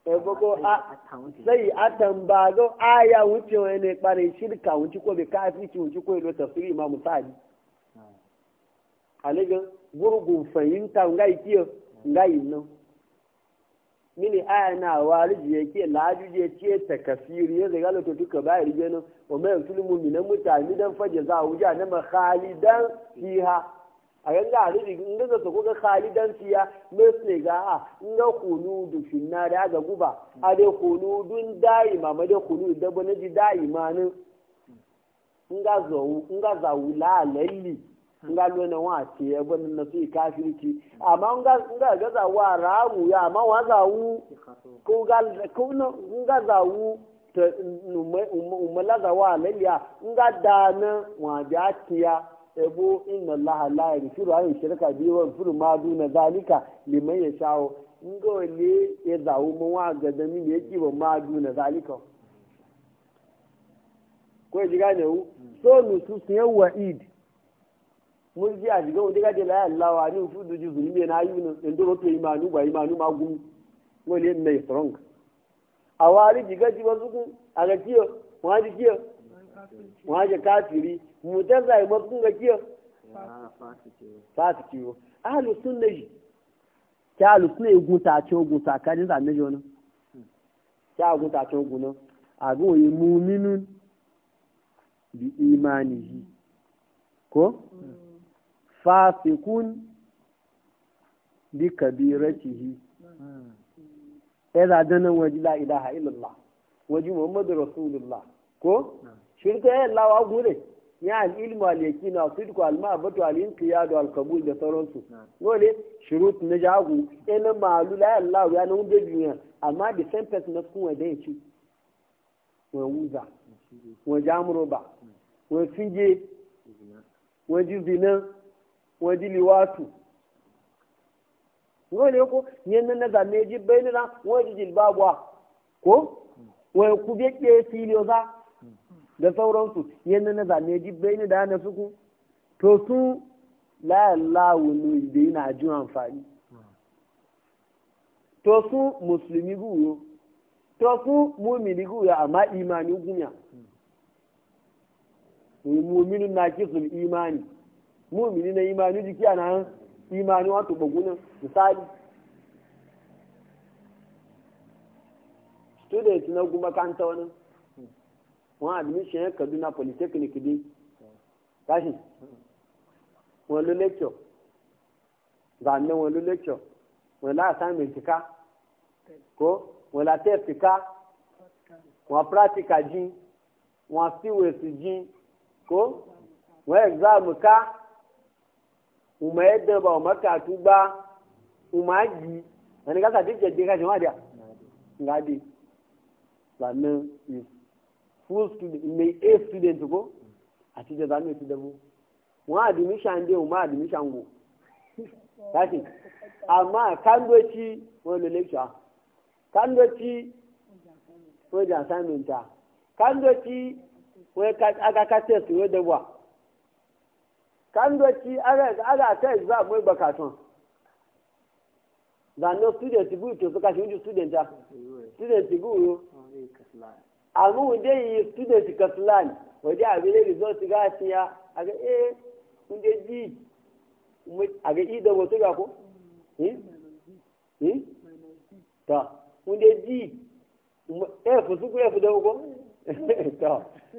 ebogo a sai atambago aya wuce wani kpare shirka wuce ko bai kafirci wuce ko ilo tafsiri imamu sa'adi aliga gurgun fahimta ngai kiyo ngai no mini aya na wariji yake lajuje ce ta kafiri ya zaga to duka ba rige no wa mai musulmi minan mutane dan faje za a wuja na makhalidan fiha a yanga a rubi in ga su kuka khalidan fiya mesne ga a in ga kunu da finna da ga guba a dai kunu dun dai ma dai kunu da bane ji ma nan in ga zawu in ga zawu la lalli in ga lona wa ce ya bane na su kafirci amma in ga in ga ga wa ramu ya amma wa zawu ko ga ko in ga zawu ta umma umma la zawa lalli in ga dana wa ja tiya ebu inna allaha la yaghfiru an yushraka bihi wa yaghfiru ma duna zalika liman yasha'u ngo le ya zawo mu wa ga da min yake wa ma duna zalika ko ji gane wu so nu su sun id mun ji a diga wani gade la allah wa ni fu duji na yi ne to imanu ba imanu ma gum ngo ne strong awari ji aga wa ji waje kafiri mutar zai mafin ga kiyo fasiki yo ahalu sunna yi ki ahlu sunna yi guta ce guta kadin da ne jona ki a guta ce guna a go yi mu'minun bi yi ko fasikun bi kabiratihi ya zaɗa nan waje la ilaha illallah waje muhammadu rasulullah ko shirka yin lawa gure ya al'ilmu al-yaki na sidku al-ma'abatu al-inqiyadu al-qabul da sauransu dole shurut na jagu ina malu la Allah ya nan da duniya amma the same person na kuma da yake wa wuza wa jamuro ba wa fije wa jibina wa diliwatu dole ko yannan na zame jibbaina wa jilbabwa ko wa kubiyake filioza da sauransu yadda na zane ji bai ni da na suku to su la'allawu ne da yana jin amfani to su musulmi guyo to su mumini guyo amma imani gumiya mumini na kisul imani mumini na imani jiki ana imani wato bagunan misali student na kuma kanta wani wọn admission yẹn kaduna polytechnic di káṣí wọn ló lecture zanne wọn ló lecture wọn la assignment ká ko wọn la test ka, wọn practical jí wọn serious jí ko wọn exam ka, wọn mọ ẹdẹ bá wọn mọ kàtú gbá wọn mọ àjì wọn ni ká sàdéjẹ dé káṣí wọn àdìyà nga di zanne yìí. full student mai a student ko ati ci da za mu ci da mu wa admission dai ma admission go kashi amma kandoci Kandochi, lecture kandoci wani assignment ta kandoci wani aga ka test wani dabuwa kandoci aga ka exam wani bakatun zanen student bu to suka shi student ta student bu yo àmú nde ihe student kẹtùlán ọjọ́ àbílẹ̀ result gá sí aga àgẹ́ ẹ́ ǹdẹ́ jì àgẹ́ ìdọ̀wọ̀ tó yà kó tọ́ ǹdẹ́ jì ẹ̀ fòsùkú ẹ̀ fòdọ̀wọ̀ kó tọ́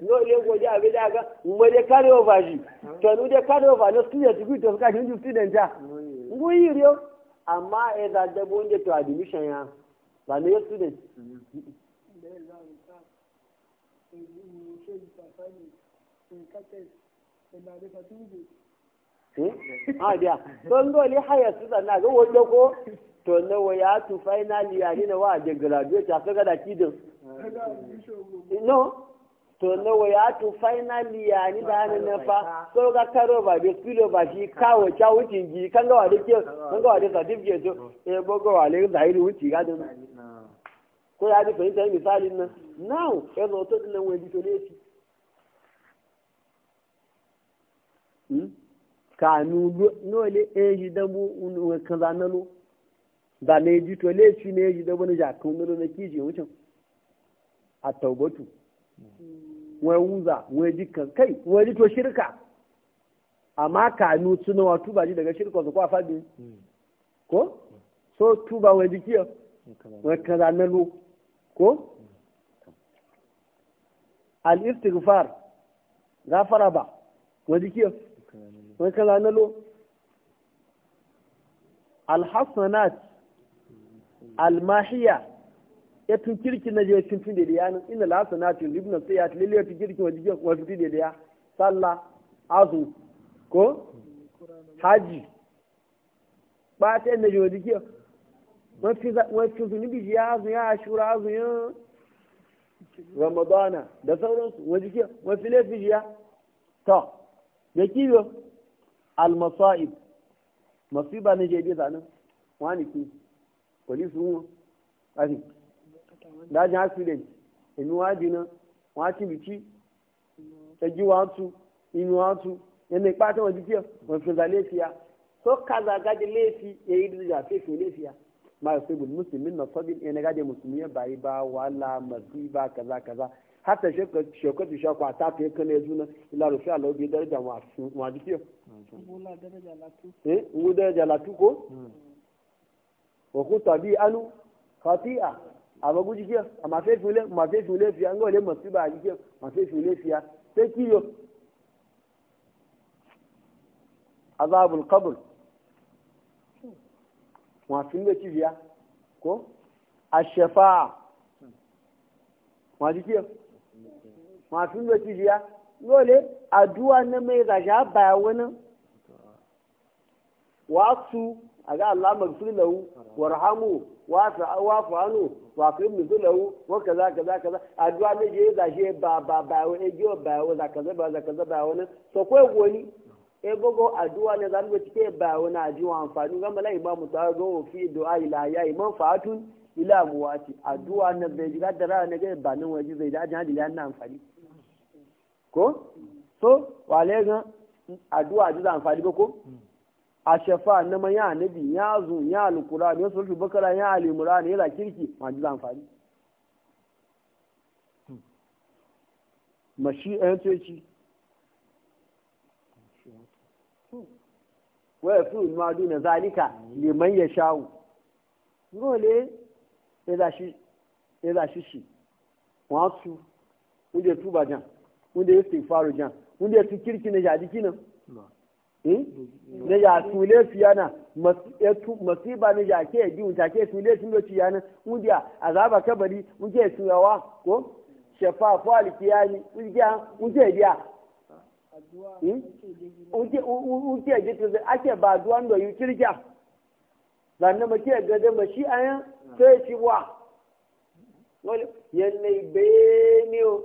lórí ẹ̀kọ́ ọjọ́ àbílẹ̀ àgá ǹmọ̀dé carry over yìí tọ́ ní student kú ìtọ́ fúkà student yà ń gbó o àmọ́ ẹ̀dá dẹ́gbó ǹdẹ́ tó admission student. Hmm. Hmm. Hmm. ha don dole haya su ga wanda ko to na waya ya ni na wa je graduate aka ga da kidin no to na waya ya ni na fa so ga karo ba be kilo ba shi kawo cha wucin ji kan ga wa ke kan ga wa da ko ya ji fahimta yi misalin nan now ya zo to nan wani bito ne shi hmm? kanu nole e ji dabu unwe kaza nanu da ne ji to le shi ne ji dabu na ja kun nuna na kiji wucin a taubatu wai wuza wai ji kan kai wai ji to shirka amma kanu suna wa tuba ji daga shirka su kwa fadi hmm. ko so tuba wai ji kiyo wai kaza nanu ko al-istighfar fara ba wani kiyo wani kala na lo al-hasanat al-mahiya ya tun kirki na je tun tun da ya nan inna al-hasanat yulibna sayat ya tun kirki wani kiyo wani tun da ya sallah azu ko haji ba ta yadda je wani wasu zunubi shi ya azu ya ashura azu ya ramadana da sauransu wa ke wasu laifi shi ya to da kiyo almasa'ib masiba ne jebe zanen wani ki polisi mu afi dajin accident emi waji na wati bici taji watu inu watu yana ipa ta wajen kiyo wasu zalefiya so kaza gaji laifi ya yi da jafe fi laifiya ma ya sabu musulmin na sabin ina gade musulmi ba yi ba wala masiba kaza kaza hatta shekatu shakwa ta ta yi kane juna ila rufi alau bi daraja ma jikiyo daraja latu eh, ko wa ku tabi anu khati'a fe fule ma fe fule fiya jikiyo ma fe fule fiya kiyo azabul qabr wafin da cibiya ko a shafa wajen kiyar wafin da cibiya dole addu'a na mai rasha baya wani wasu a ga Allah magfir lahu warhamu wa fa'afu anu wa qim min lahu wa kaza kaza kaza Aduwa ne je da je ba ba ba wani je ba wani kaza ba kaza ba wani to kai wani. e gogo addu'a ne zan wuce ke ba wani ajiwa amfani ga malai ba mu ta ga fi du'a ila ya iman fatun ila muwati addu'a na bai ga dara ne ga ba nan waje zai da jan lan na amfani ko so wale ga addu'a ji za amfani ba ko a shafa na man ya annabi ya zu ya alquran ya sulhu bakara ya alimran ya kirki ma ji za amfani hmm. mashi eh, ayyace wa ya fi ma duna zalika liman ya shawo dole ya zashi shi wọn su wunde ya tuba jan wunde ya faru jan wunde ya fi kirki na jadi kinan eh? na ya tule yana, masiba na ya ke ji wuta ke tule sun da fiyana wunde ya azaba kabari wunde ya tuyawa ko shafa fali kiyani wunde ya wunde ya uke ji tuzi ake ba duwan da yi kirga zanne ma ke gada ma shi ayan e sai ci wa ibe ni o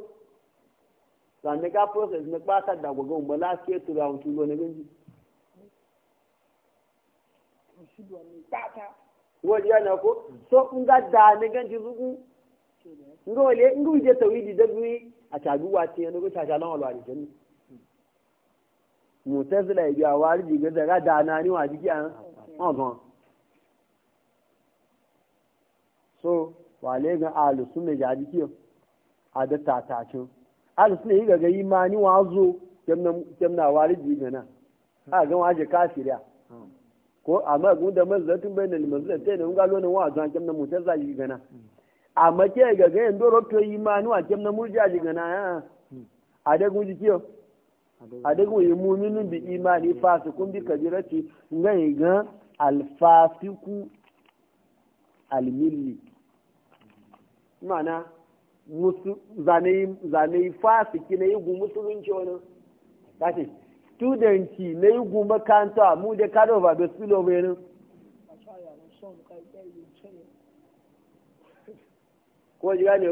zanne ka process na kpata da gogon ba la ke tura hutu lo na ganji wani yana ko so in ga da na ganji zuku nga wale nga wuje tawidi da a tabi wa ce na ko ta ta lawa lo a jikin mutazila ibi awari jiga daga na ni wa jiki an ọgbọn so wale ga alusun ne ja jiki a da tatacin alusun ne gaga yi ma ni wa zo kemna wari jiga na a ga waje kafiriya ko amma gun da mazzatin bai na limazzatin ta yana ngalo na wa zan kemna mutazila jiga na amma ke gaga gayin doro to yi ma ni wa kemna murja jiga na a da gun jiki adigun yi muminu bi imani fasikun bi kabirati ngai gan alfasiku almilli mana musu zane zane fasiki na yugu musulunci wani kace studenti na yugu makanta mu da kado ba da sulo bayanin ko ji gane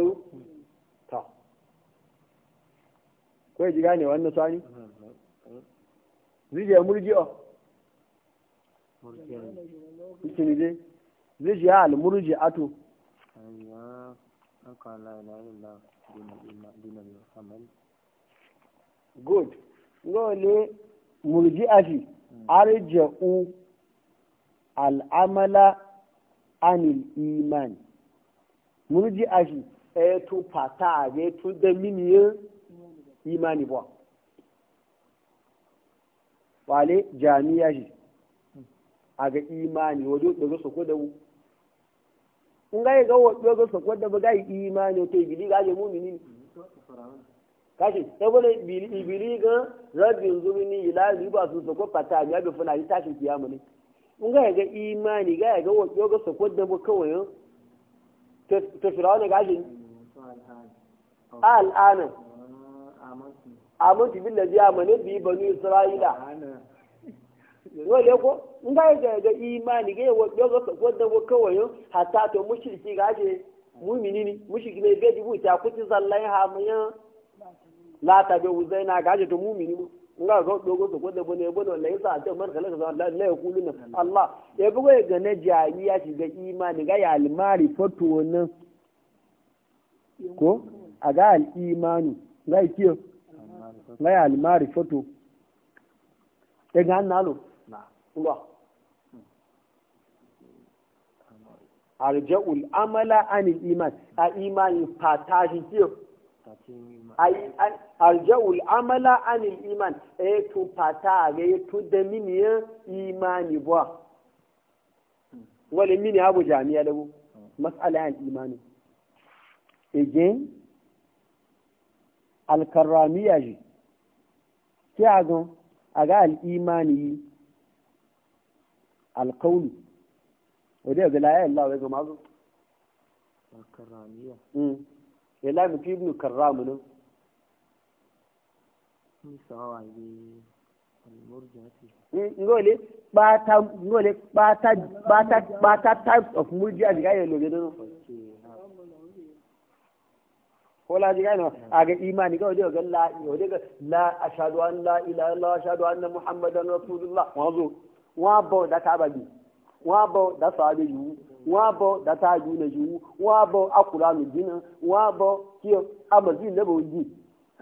ko ji gane wannan sani zije murji kini je zije al murji'atu aywa aka la ilaha illa dinan amal good ngole murji'ati arja'u al amala anil iman murji'ati e eh, tu pata ge tu da miniye imani ba wale jami'a shi a ga imani wajen ɗaga soko da mu in ga yi ga ɗaga soko da mu ga yi imani wato ibili ga je mumini ne kashi sai wani ibili ga rabin zumini ila riba su soko fata ya bi funa yi tashin kiyama ne in ga yi ga imani ga yi ga ɗaga soko da mu kawai eh? ta firawar ga shi al'anan amantu billazi amana bi banu isra'ila wale ko in ga ga ga imani ga wa ga ga ko da kawai hatta to mushriki ga je mu'mini ne mushriki ne ga jibu ta kuti sallai ha mun ya na ta be uzaina ga je to mu'mini mu nga ga dogo ko da bane bane la yasa ta man kala ga Allah la yaquluna Allah ya bugo ga na jami'a shi ga imani ga ya almari fato nan ko a al imanu ngai kiyo ngai alimari foto e nalo na arja'ul amala anil iman a imani arja'ul amala iman e fata ga e da mini imani hmm. wale mini abu jami'a hmm. mas'ala imani again alkarramiya ji sai a gan al'imani alkauni wadda yanzu laye Allah wai gama zo alkarramiya hmm. ya lafi fi ibn karramu nan hmm, ngole bata ngole bata bata bata of murji'a ga yelo gedo no ko la jiga no aga imani ga wajen la wajen ga la ashhadu an la ilaha illallah ashhadu anna muhammadan wa bo da ta wa bo da wa bo da ta ju wa bo alquranu wa bo kiyo amazi na bo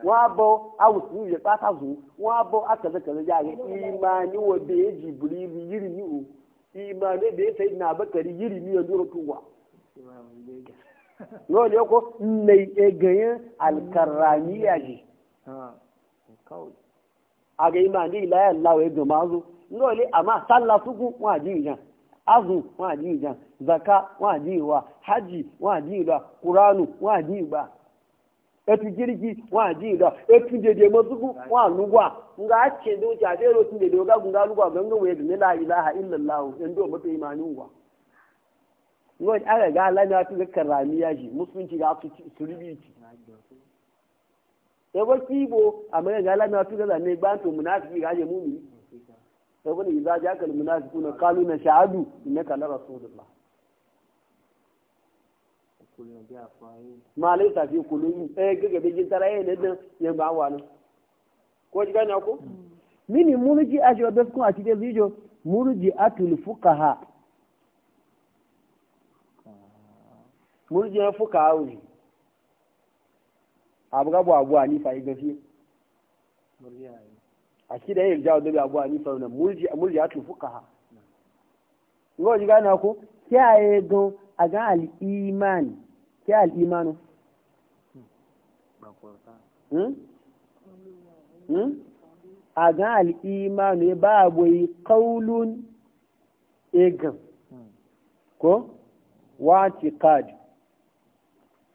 wa bo awusu ye pata wa imani yau ne ko mai egayen alkarramiya ji a ga ima ni ilayen lawa ga mazu yau ne amma sallah suku wa ji jan azu wa ji zaka wa ji wa haji wa ji ba kuranu wa ji ba etu jirgi wa ji da etu jeje mazugu wa lugwa nga ce do ja ro tin de ga gunga lugwa ganga we de la ilaha illallah wani aka ga lana tu rami ya shi musulunci ga su surbiti ya ba kibo a mai ga lana su ga zane ba to munafiki ga je mumi sai wani idza jaka al munafiquna qalu na shahadu innaka la rasulullah malai laisa fi kulun eh gaga bijin taraye ne dan yan ba wa nan ko ji gane ko mm. mini murji ajo da kun a cikin video murji atul ha murjiyar fuka hauri abu gabu abu a nifa yi gafi a da yin jawo dobe abu a nifa na murjiya tu fuka ha ngo ji gana ko kiyaye don a ga al'iman ke al'imanu hmm? Hmm? a ga al'imanu ya e ba abuwa kaulun egan hmm. ko wa ti kadi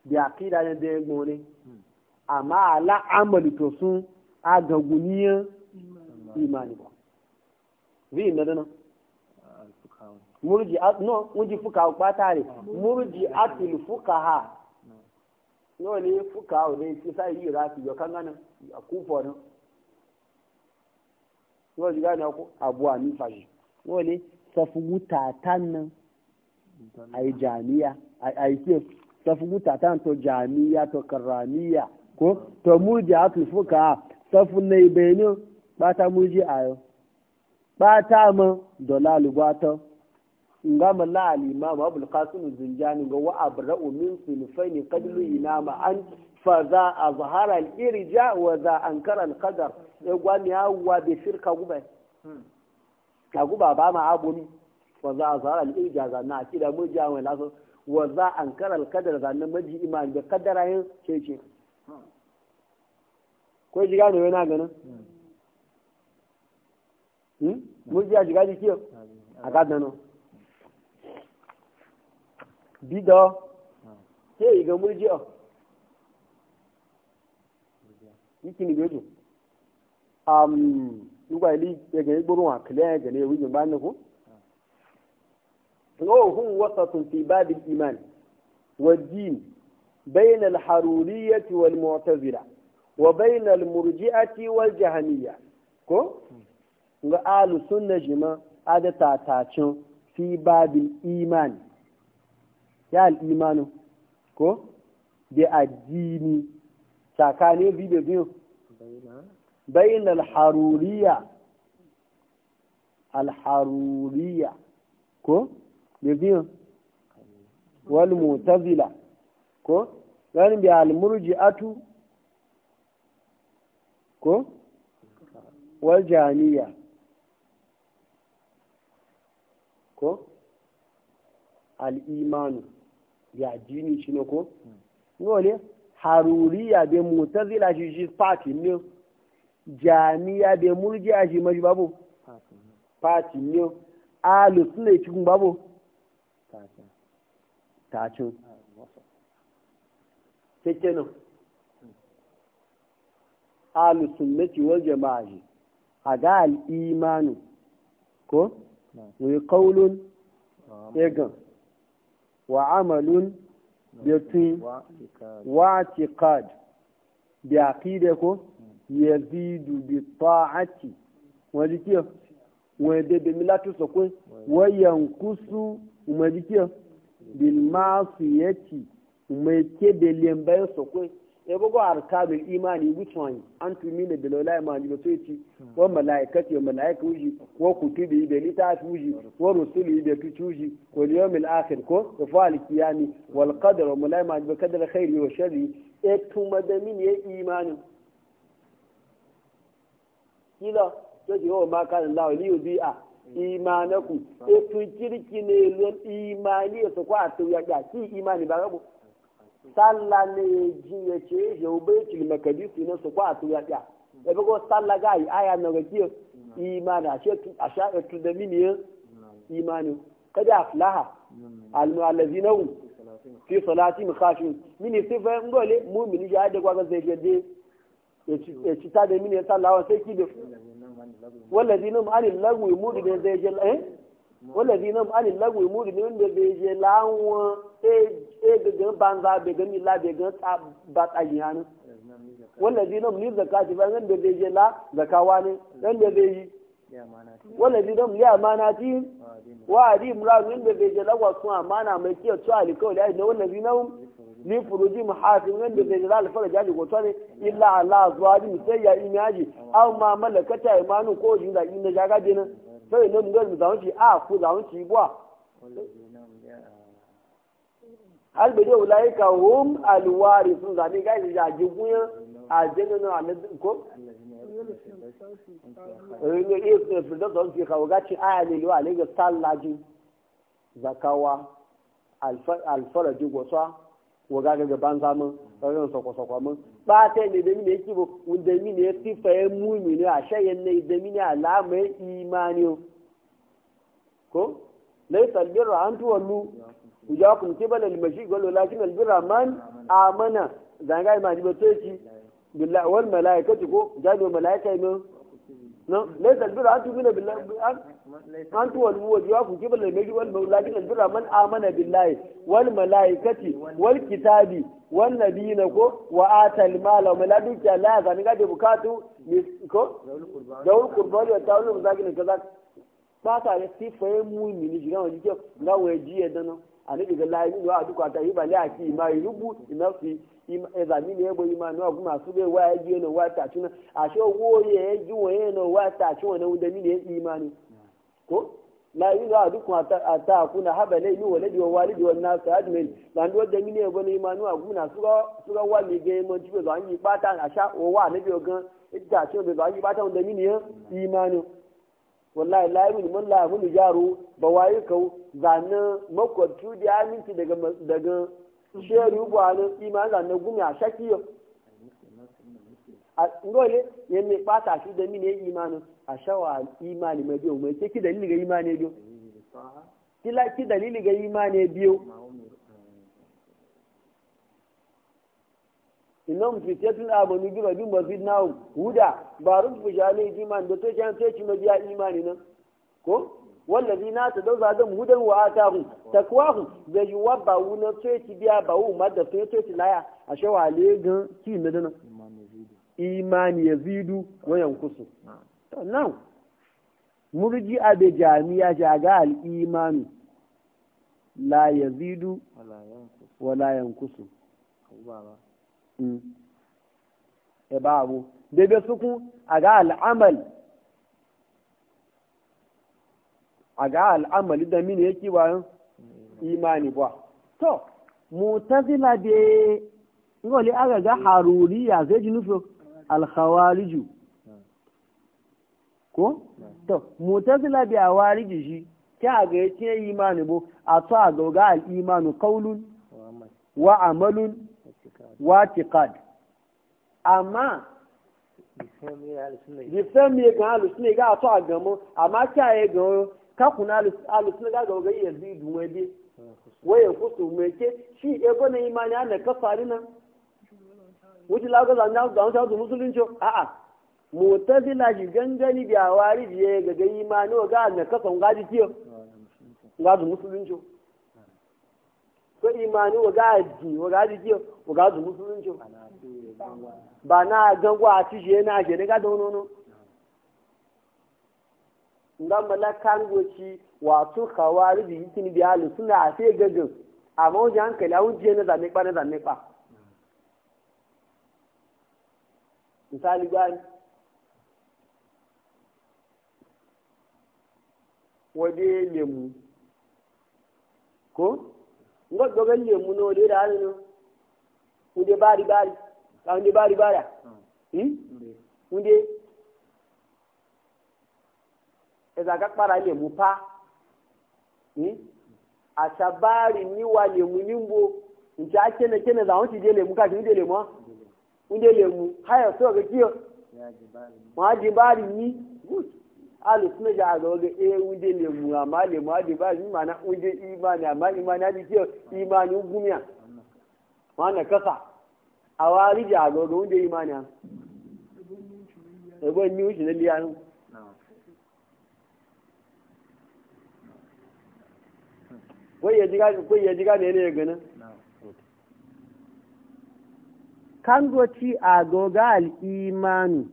bi aqida ne da gore amma ala amali to sun aga guniya imani ba wi na dana murji no murji fuka ba tare murji atul fukaha no ne fuka ne ki sai yi rafi yo kan ganin a kufa ne no ji gane ko abuwa ni fashi no ne safu wuta tan nan ai jami'a ai ai safu ta to jami'a to karramiya ko to murji'a fuka safu ne benin bata murji'a yau bata ma dolalu bata ngama la al-imam abul qasim zinjani ga wa abra'u min sinfaini qadlu inama an fa za azhara al-irja wa za ankara al-qadar e gwani hawa bi firka gubai ka guba ba ma abuni wa za azhara al-irja za na kida murji'a wala so wa za an karal kadar zanen maji imani da kadara yin keke ko ji gano yana ganin hmm? mun ji a shiga ji kiyo a gadano bido ke iga murji o yikini bejo um nugba ili ege igboro wa kile ege ne ewu jimba nnukwu وهم وسط في باب الإيمان والدين بين الحرورية والمعتزلة وبين المرجئة والجهمية كو قال سنة جماعة هذا تاتاتشون في باب الإيمان يا الإيمان كو دي الدين ساكاني في بيو بين الحرورية الحرورية كو da biyan wal mutazila ko ganin bi al atu ko wal jamiya ko al ya jini shi ne ko nole haruriya da mutazila shi shi fati ne jamiya da murjiya shi maji babu fati ne alu suna cikin babu tacin Alu alusunnati wal jama'i a ga al'imanu ko wai kaulun egan wa amalun betun wa tiqad bi aqida ko hmm. yazidu bi umar jikiya bil masu yaki umar ke da lembayar sakwai ya bugu arkanul imani which one an tumi da bilola imani ba sai ci wa malaikati wa malaika uji wa kutubi da litafi uji wa rusuli da tuci uji ko yawmil akhir ko ko fa'al qiyami wal qadar wa malaika bi qadar khairi wa sharri e tuma da min ya e imani kila to di o ma kana Allah li yudi'a imanaku etun kirki ne lon imani su ko a tuya ga ki imani ba gabo salla ne ji ya ce ya ube kil makadisu ne su ko a tuya ga e ko salla ga yi aya na ga ki imani a ce a sha etu da mini ya imani kada aflaha almu'allazina fi salatihim khashin mini sifa ngole mu'mini ya da gwa ga zai je ya ci ta da mini ya salla wa sai ki da wallazi nan alil lagwi muri ne zai je eh wallazi nan alil lagwi muri ne zai je lawon eh gagan banza be gani la be gan ba tsayin hannu wallazi ni zakati ba nan da zai je la zakawa ne nan zai yi wallazi nan ya amana ti zai je amana mai kiyar to alikawli ne ni furuji muhafin da zai jira alfara jaji goto ne illa Allah zuwa ji sai ya imi yaji an ma malakata imanu ko ji da ina jaga dena sai ne mun ga mu zaunci a ku zaunci bwa hal bi da ulaika hum alwarisun zabi ga ji jaji kuya a jinna na Allah ko ne ne firda don ki kawo gaci aya ne liwa alayhi sallaji zakawa alfara ji goto ko ga banza mun, zamu ran soko soko mun ba ta ne da mine kibo un da mine tifa ya mumi ne a shayen ne da mine alama imani ko laysa mu an tuwallu ujakum tibal almashi qul lakin albirra man amana zanga imani ba to ci billahi wal malaikatu ko jalo malaika ne no laysa albirra an tu'mina billahi an tuwallu wajhakum qibla al-mayt wal mawlaki albirra man amana billahi wal malaikati wal kitabi wan nabiyina ko wa ata al-mala wa malaikata la zani ga da bukatu ko dawul qurbani wa tawul musakin kaza ba ta da sifaye mu'mini jiga wani ke ga wajiye yi wa duka ta yi zamini ya bai imanu a kuma su bai waya ji yana wata cuna a shi woye ya ji wa yana wata cuna na wanda mini ya imanu ko la yi za a duk a ta kuna haɓa lai ni waladi wa walidi wa nasu ajmai zan duwar da mini ya bai imanu a na su ga wani ga yamman cikin zan yi bata a sha wa na biyu gan e, ita ce bai zan yi bata wanda mini ya e, imanu wallahi la yi mun la mun jaro ba e, kau zanen makwabci da aminci daga daga sheru gwanin iman zanen gumi a shakiyo ngole ya mai yẹn shi da mini imanin a shawa imani mai biyu mai ke ki dalili ga imani biyu kila ki dalili ga imani biyu inom fitiyatun amanu bi rabin mazid nahum huda barun fujale iman da to kyan sai ki imani nan ko wallazi na ta dauza da mudan wa takwa hu da yuwa ba wuna tsoci biya ba wu madda sai tsoci laya a shawa le gan ki na dana imani yazidu wa yankusu nan murji a da jami'a jaga al imani la yazidu wa la yankusu e babu da daga suku a ga amal a ga al'amali da mini yake ba imani ba to mutazila da ngoli aga ga haruriya zai ji nufin alkhawariju ko to mutazila da wari shi ta ga ce imani ba, a to a ga ga al'imanu qaulun wa amalun wa tiqad amma bi sami ga alu sune ga to a gamo amma ta yi ga kakuna alusun ga ga yanzu idun waye kusu meke shi ego na imani ana kafari na. wuce lagos na da wata su musulunci a'a mutazila shi gangani a wari biye ga ga imani ga na kafa ga ji kiyo ga su musulunci ko imani ga ji ga ji kiyo ga su musulunci ba na gangwa a ci shi na je ne ga da Nda nga malakan goci wato kawari da yi kini biya lu suna a sai gagin amma wajen hankali a wajen na zame kwa na zame kwa misali gani waje lemu ko nga dogon lemu na de da hannu wunde bari bari Ka wunde bari bari wunde ẹ̀dà kápára lè mú pa àṣàbáàrì níwà lè mú níbo nǹkan akẹ́nẹkẹ́nẹ làwọn ti dé lè mú káàkiri dé lè mọ́ ń dé lè mú háyọ̀ tó ọ̀gẹ́ kí ọ wọ́n á di báàrì ní good alùpùpù jà àgbà ọ̀gẹ́ ẹ ń dé lè mú àmà lè mú àdé ní àmà kí ọ àwọn ọ̀gẹ́ ẹgbẹ́ ní oṣù ko ya jiga ne ne kan goci a goga al'imanu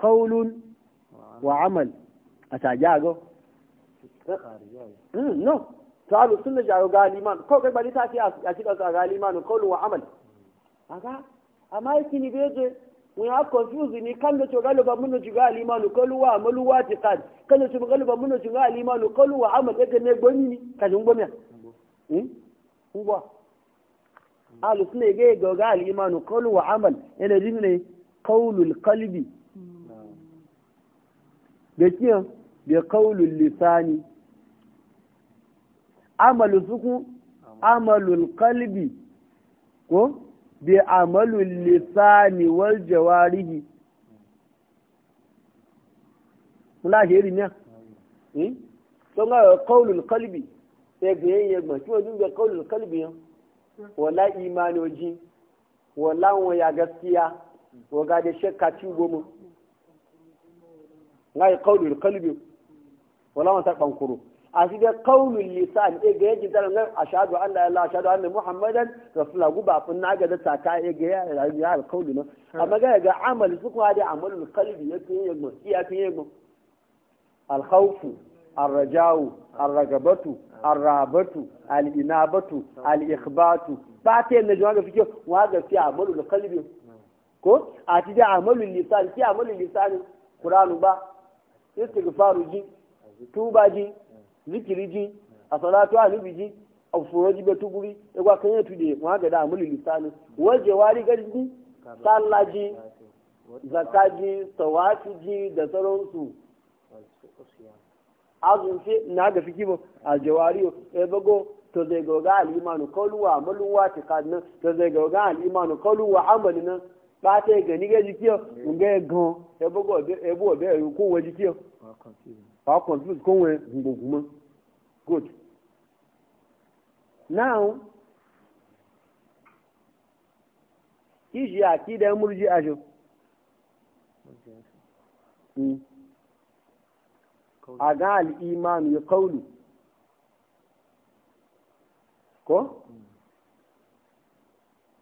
kaulun wa amal a ta ago hmm, no salu sun da jago galiman ko kai bari ta ce a cikin su a kaulun wa amal aga amma yake ni beje mun ha confuse ni kan da cogalo ba mun juga alimanu kalu wa amalu wa tiqad kan da cogalo ba mun juga alimanu kalu wa amal daga ne gomi ni ka jin gomi hmm ngwa alu sune ga ga ga alimanu kalu wa amal ina jin ne qaulul qalbi da kiyan da qaulul lisani amalu suku amalul qalbi ko bi amalul lisani wal jawarihi mula sheri ne eh to ga qaulul qalbi e ga yin yagba to din ga qaulul qalbi yan wala imanoji wala won ya gaskiya ko ga da shakka ci gomo ga qaulul qalbi wala won ta bankuro àti bẹ kọ́ọ̀lù lìsà ní ege yaji jìdára ní aṣáájú àndà ẹ̀la aṣáájú àndà muhammadan rasulà gúbà fún nága da tàkà ege yẹn alkọ́ọ̀lù náà àmàgà ẹ̀gà amàlì sukù adé amàlì kálíbi yẹn fi yẹn gbọ̀n kíyà fi yẹn gbọ̀n alkhawfu arrajawu arragabatu arrabatu al'inabatu al'ikhbatu ba ta yin na jima ga fiye wa ga fi amalu kalbi ko a ti da amalu lisani fi amalu lisani kuranu ba istighfaru ji tuba ji zikiri ji a salatu a nubi ji a furoji betu guri igwa kan yatu da wa ga da amuli lisani waje wari garji sallaji zakaji tawafi ji da sauransu azunce na ga fiki ba a jawariyo e bago to zai goga al'imanu kalu wa amalin wa tikadin to zai goga al'imanu kalu wa amalin nan ba ta gani ga jikiyo mun ga gan e bago ebu bo be ko wa jikiyo pa confuse com o ngoguma good now kiji aki da murji ajo hmm. a ga al'imanu ya kaulu ko?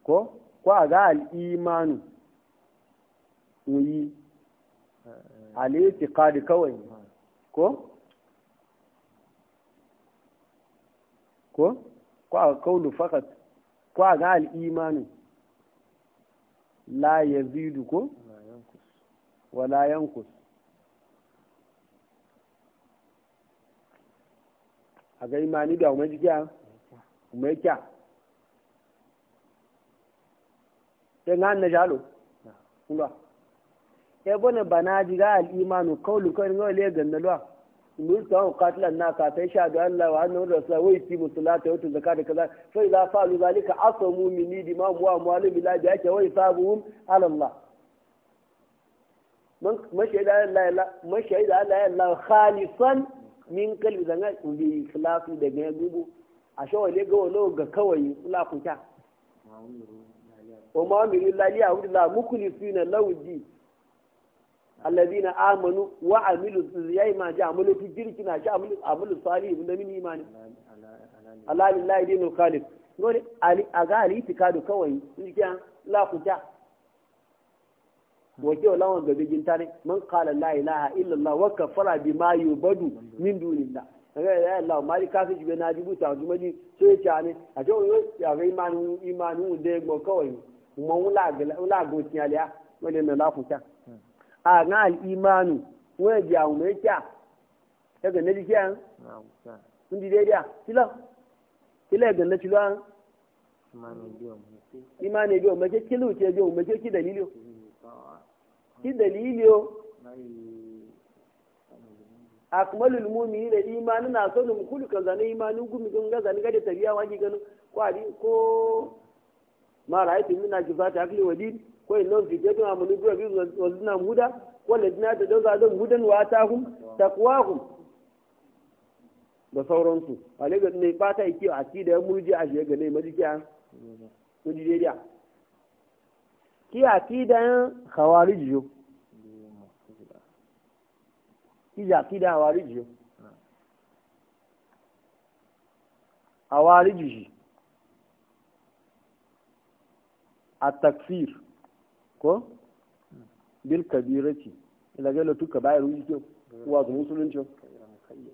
ko? ko a ga al'imanu yi eh, eh. al'iti kadi kawai ko ko ko a kaulu fakat ko a ga al'imanin la ya zidu ko la yankus a ga imani da umar jikiya umar kya ɗan na jalo ebona bana jiga al'imanu kaulu kawai ngawai le ganna luwa mun ta qatilan na ka sai sha da Allah wa annabi rasul wa yuti musulata wa zakat da kaza fa idza falu zalika asamu minni dimam wa amwalu billahi yake wa isabuhum ala Allah man mashaida Allah la mashaida Allah la khalisan min kalbi zanga bi ikhlasu da ga gubu a shawa le ga wani ga kawai la kuta wa ma'amiru la liya wa la mukhlisina lawdi alladina amanu wa amilu yayi ma ji fi jirki na ji amalu amalu salih ibn min imani ala lillahi dinu khalid ngore ali aga kawai ndikiya la kuja wake wala wan gabe ginta man qala la ilaha illa allah wa kafara bima yubadu min dunillah kaga ya allah mali kafi na jibu ta juma ji sai ta ne a jo yo ya ga imanu imanu de go kawai mu mun la ga la go tiya wala na a na al'imanu wani biya mu mai kya daga na jikiya sun ji daidai a kila kila ga na kila imani biyo mace kila wuce biyo mace ki dalilio ki dalilio akmalul mu'mini da imani na so da mukulu kan zane imani gumi gun ga zane ga da tabiya waki gano ko ko mara aitin mina kifata akli wadid ko in lon fije tun amuni biyu biyu wazina muda ko ladina da don zadon gudan wa ta hum takwa da sauransu su ne ga ne fata yake a ci da murji a shiga ne majikiya kuji daidai ki a ci da khawarij yo ki ja ki da khawarij yo khawarij shi a takfir ko bil kabirati ila gelo tuka bayar wuji ke mm. wa ga musulunci mm.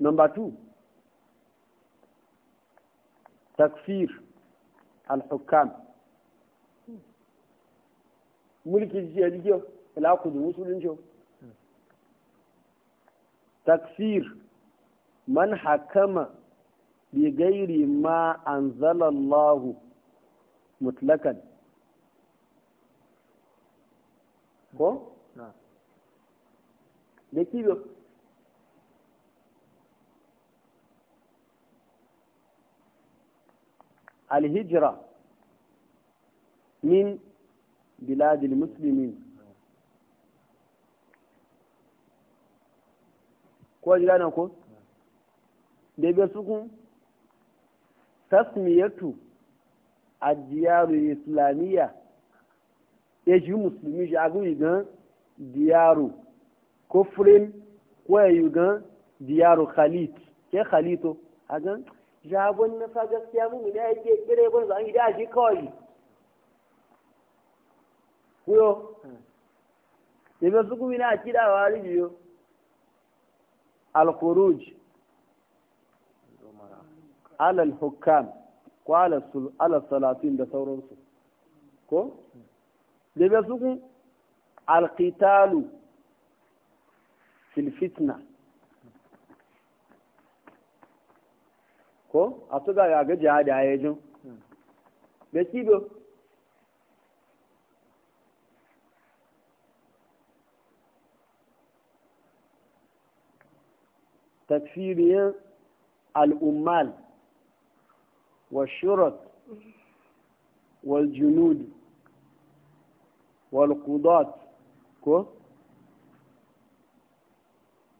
number 2 takfir al-hukam mulki ji ya jiyo ila ku da musulunci takfir man hakama bi gairi ma anzalallahu mutlakan ko da alhijira min biladil muslimin ko jira ko da sukun tasmiyatu a islamiyya ya ji musulmi ji agu yi gan diyaru kufrin ko ya yi gan diyaru khalit ke khalito a gan jabon na fa gaskiya mu ne ya ke kire bon zan yi da shi kawai kuyo hmm. ba su kuma na kida wa rijiyo al-khuruj ala al-hukam ko ala salatin da sauransu ko hmm. da bai suku alkitalu filfitna ko a su ga yaga jihadi a yajin da kibo takfiriyar al'ummal wa shurot wal junudi walƙudat ko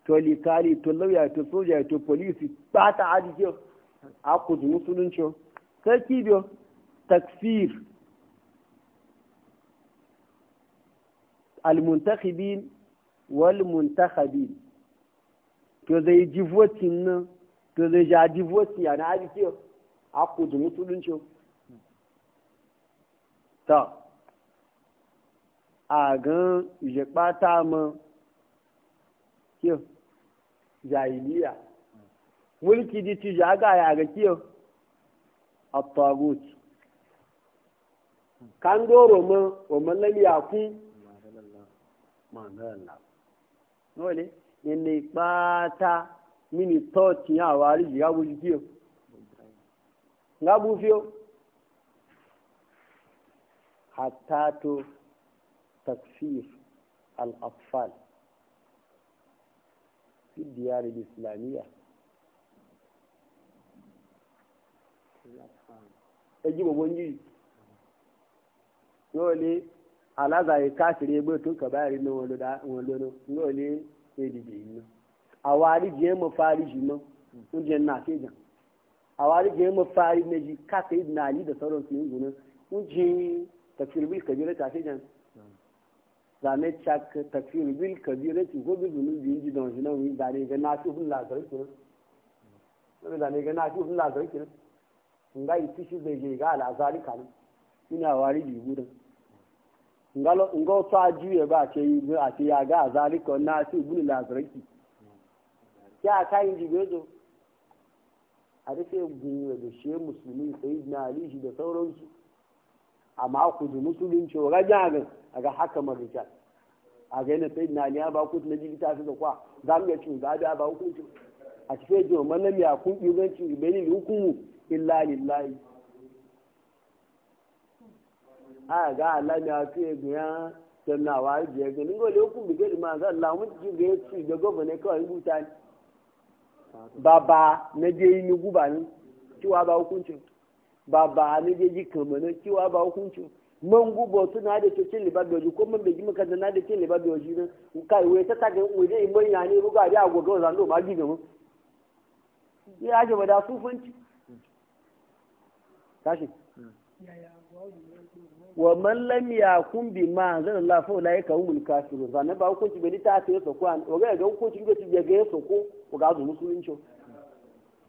to likali to lauya to soja to polisi ba ta ajiye a kudu musulunci sarki biyo taksir almuntakibin walmuntakabin to zai ji votin nan to zai ja ji votin yana ajiye a kudu musulunci ta a gan ìṣẹ̀pá tá a mọ kíọ Mulki múlìkì di ti ṣàgà àyàgà kíọ àtọ̀gùt kándóró mọ òmọlẹ́lì àkún mọ̀nàlá wọ́n lé ẹni pátá mini tọ́ọ̀tì àwọn àríjì gábùjú تكفير al في الديار الإسلامية أجيب ẹjí نولي على ذا yóò lé كباري نولو ẹgbẹ́ tó kàbá rí ní wọn lónà yóò lé èdìdì na. ná àwọn àríjì ẹ̀ mọ́ fárí yìí mọ́ oúnjẹ náà kéjàn àwọn àríjì ẹ̀ mọ́ zane chak takfir bil ne ci gobe zunu bi ji don jina wi zane ga na ci hulla zarki ne zane ga na ci hun zarki ne nga yi shi zai je ga ala zalika kan ina wari bi gudan ngalo ngo aju e ba ke yi a ati ya ga ko na ci hulla ki ya ka yi ji gozo a dace gunwe da shi musulmi sayyidina ali shi da sauransu amma ku ji musulunci wa rajagin a ga haka marijan. a ga yana sai na niya ba ku na jirita su da kwa za mu ga cin za da ba hukuncin a cikin jiwa mallam ya kun inganci ibeni da hukumu illa lillahi a ga Allah ya fiye biya sannawa biya ganin gole hukun bigar ma zan lamun ji ga ya ci da gwamnati kawai rubuta ne ba ba na je yi ni guba ne cewa ba hukuncin ba ba ne je ji kama na cewa ba hukuncin man gubo suna da ko man ji maka da na da cin libabiyoji na kai wai ta taga waje in manya ne ruga da agogo zan do ma bi gamu ya ji ba da sufanci tashi wa man lam yakun bi ma zan Allah fa ulai ka humul kafirun zan ba hukunci bai ta ta yasa ko an ga ga hukunci ga ga yasa ko ga zo musulunci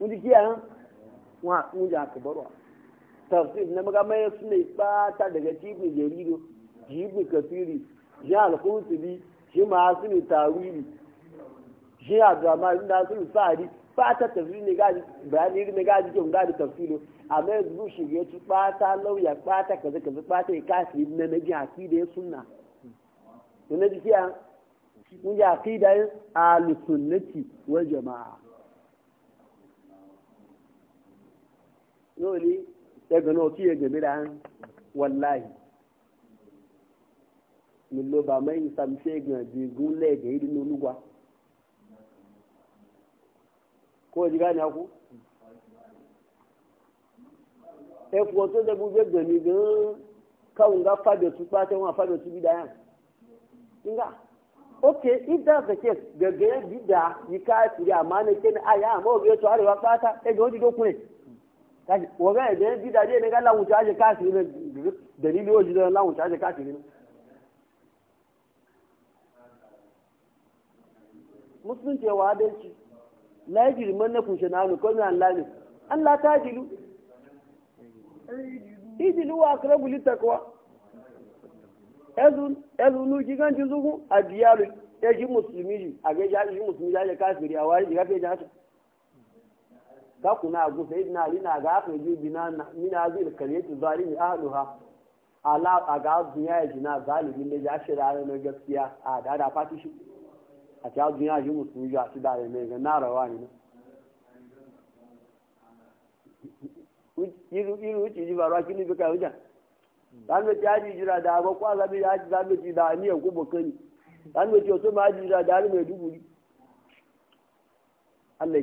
wọ́n kí ẹ̀hán wọ́n àtúnjẹ tafsir na magama ya suna ɓata daga cikin jarido jibin kasiri shi alkunsubi shi masu ne taruri shi abdulrahman na suna sa'adi ɓata tafsir ne gaji bayani irin na tafsiro amma yanzu zuwa shiga ya ci lauya kaza kaza ya kasi na na ji da ya e suna na ji mun ji da ya e, jama'a lórí ẹgbẹ̀rún náà kí ẹgbẹ̀rún mìíràn án wọláì ní ló bá mẹ́yìn sàmìṣẹ́ ẹgbẹ̀rún àti igun lẹ́ẹ̀gẹ̀ yìí nínú olúwa kó o ti ká gan-an káwọn ga fàbẹ̀tú pátẹ́ wọn àfàbẹ̀tú bí dáyà nígbà ok if that's the case gẹ̀gẹ̀ bí dáa yi káàkiri àmọ́ ẹni kẹ́ni àyà àmọ́ òbí ètò àríwá pátá ẹgbẹ̀rún ó ti dókun waga da yan bida ne ga lawun ta je kasi ne dalili wajen da lawun ta je kasi na musulunci wa adalci la yajri man nakum shananu kullu an lani Allah ta jilu a wa akrabu litakwa ezun ezunu gigan jinzugu adiyalu yaji musulmi a ga yaji musulmi ya je kafiri a wani ga ka kuna abu na ga aka ji bina zai karyatu zalimi ahluha ala a ga duniya ya jina ne ya na gaskiya a da da fati shi a ta duniya ji musu shi na rawa ne ji barwa kini bi kai wajen dan da ta ji jira da ba kwa zabi ya ji zabi ji da ni ku dan da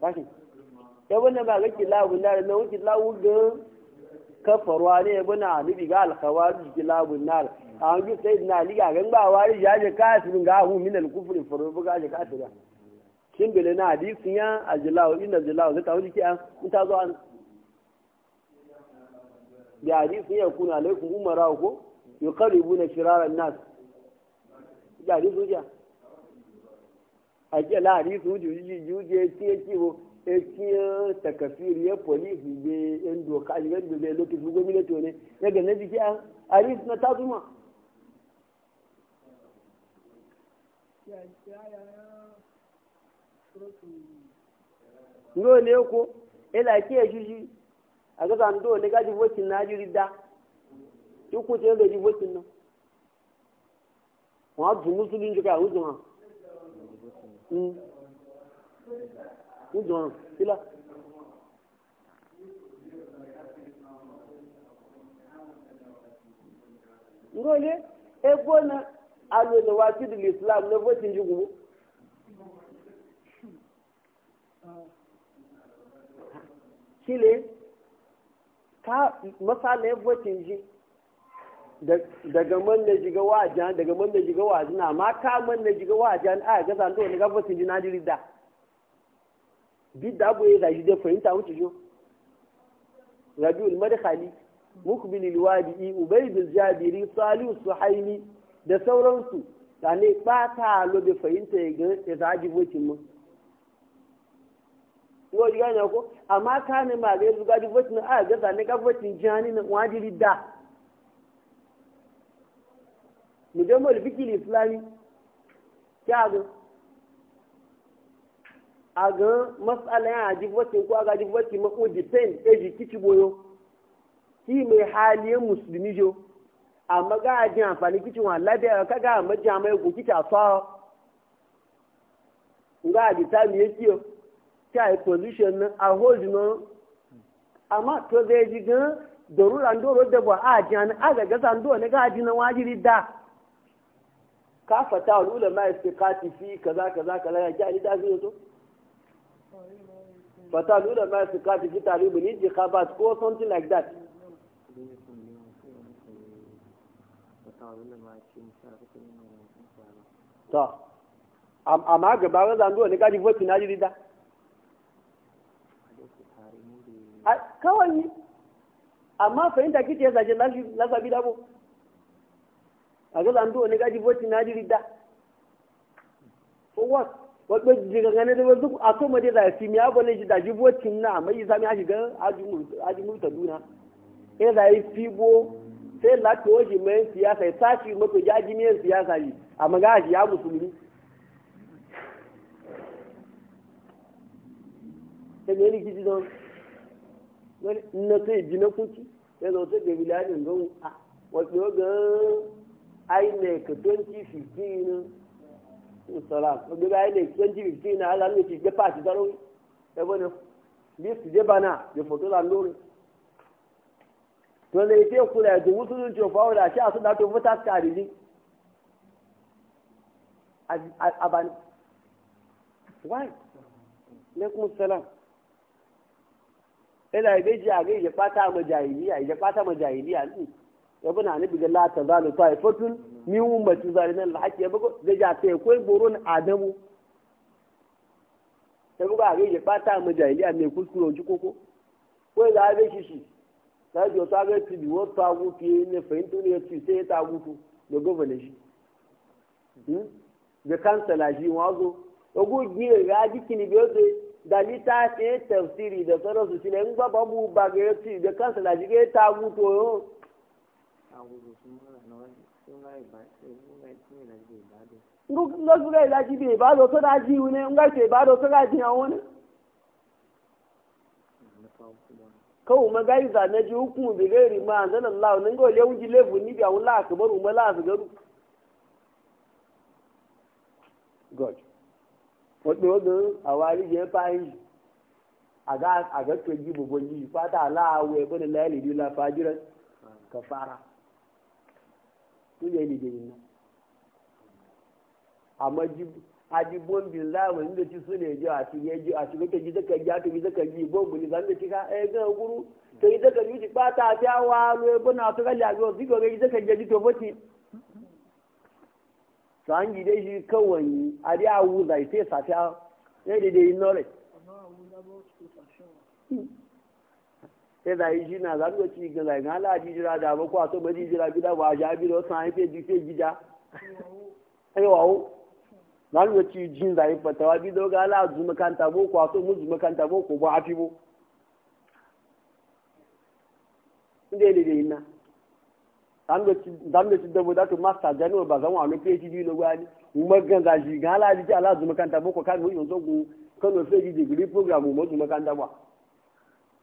kashi ya bane ba ga kilabu na na wuce lawu ga kafarwa ne ya bane a ga alkhawari kilabu na a hangi sai na liga gan ba wari ya je kasirin ga hu min alkufri furu ga je kasirin kin bele na hadisin ya ajilawo inna ajilawo zata tawo ki an in ta zo an da hadisin ya kuna alaikum umara ko shirara an nas ya hadisin ya ake lahari su wuce jiji juje ke kiwo e kiyo takafiri ya polisi be yan doka a yan doka lokacin su ne ya ga na jiki an ari na tasuma dole ko ila e ke jiji a ga ne dole gaji vocin na jiri da ku ce da ji vocin nan wa zu musulun jika a wuzuma ń jọrùn sílá. ngole ebo na alwele wa kidul islam na votin jugu kile ka masala votin jugu daga man na jiga wajen daga man na jiga wajen amma ka man na jiga wajen a ga zan ne ga fasin jina diri da bidda boye da shi da fahimta wuce jo rabiul madkhali mukbil alwadi ubayd aljabiri salih suhaimi da sauransu ne ba ta lo da fahimta ya ga ya zaji bocin mu ko ji gane ko amma ka ne ma ga zuga di bocin a ga zan ga bocin jani na wajiri da mujammul fikil islami ki ga agan matsala yana ajib wacce ko aga ajib wacce ma ko depend e kici boyo ki mai haliyar musulmi jo amma ga ajin amfani kicin wa labiya ka ga amma jama'a ko kici a fa nga aji ta mi yake yo ta position na a hold no amma to zai ji gan dorura ndoro da ba a ajin a ga gasa ndoro ne ga ajin na wajiri da ka fata wa lula ma istiqati fi kaza kaza kaza ya ji da zai zo fata lula ma istiqati fi talibul intiqabat ko something like that to amma gaba ga zango ne kaji vote na ji da kawai amma fahimta kike zaje lazabi dabo àgbẹ̀là ń dúró ní gájí bó ti náà rí dá ó wà wọ́n pé jìgà kan ní wọ́n dúkù àtọ́mọdé là fi mi àbọ̀ lẹ́jì dájú bó ti náà àmọ́ yìí sami aji ajumuru tọ̀dú náà ẹ̀ là fi bó ṣé láti ó ṣì mẹ́rin siyasa ẹ̀ sáàṣì mọ́tò jẹ́ ají mẹ́rin siyasa yìí àmọ́ gáàjì yá mùsùlùmí. ẹgbẹ́ ní ne náà wọ́n ní nínú tó ìjìnà kúntì ẹ̀ lọ́sọ̀ gbẹ̀mí láàrin lóhùn wọ́n pè ó gan inec 2015 salam na inec 2015 na ala gbé pàṣẹ sọ́rọ́ ẹgbẹ́ ni list dé bana lè fòtó la lórí tòun lè fi kúrẹ̀ ẹ̀dùn wúsùlù tí o fọ́ ọ̀rẹ́ àti àtúndà tó fún tax card yìí abani why lẹ́kùn sẹ́lá ẹ̀dà aga ije kpata yabu na ni biga la ta zalu ta ifatun min ummati zalimin alhaqi yabu ga ja ta ko boron adamu yabu ga ga ba ta mu jahiliya ne kuskuro ji koko ko za ga shi shi ta ji ta ga ti wata ta gutu ne fahimtu ne ti sai ta gutu da gwamnati shi da hmm? kansala shi wazo ogun gire ga jikini bi o da litafi tafsiri da sauransu shi ne in ba babu ba ga da kansala shi ga ta gutu ngọ́sùlẹ̀ ìlàjì bí ìbádò tó dájí ìwú ní ngọ́sùlẹ̀ ìbádò tó dájí àwọn ní. kawo zane ji hukun bi gairi ma an zanen lawa nan gawa lewun ji lebu ni biya wula ka baru ma lafi garu god wadda wadda a wari je fayin a ga a ga to ji bugon ji fata ala awe bane lalili la fajiran kafara kunya ne da yin amma adibon billahi wani da ci sune ji a ci yaji a ci zaka ji zaka ji gogu ni zanda ci ka eh ga guru to yi zaka ji ba ta ta na to kala go zi go ji zaka an shi ta da yi shi na za su ci ga zai gala a da ba kwa to ba jira gida ba ja bi da wasu an ji sai gida ai wawo za su ci jin zai fatawa bi da gala a zuma kanta bo kwa to mu zuma kanta bo ko ba afi bo inde yadda yi na zan da ci dan da ci da to masta jano ba zan wani feji biyu na gwani magan ga shi ga a ji ala zuma kanta bo ko kan mu yanzu ko kano feji digiri program mu zuma kanta ba.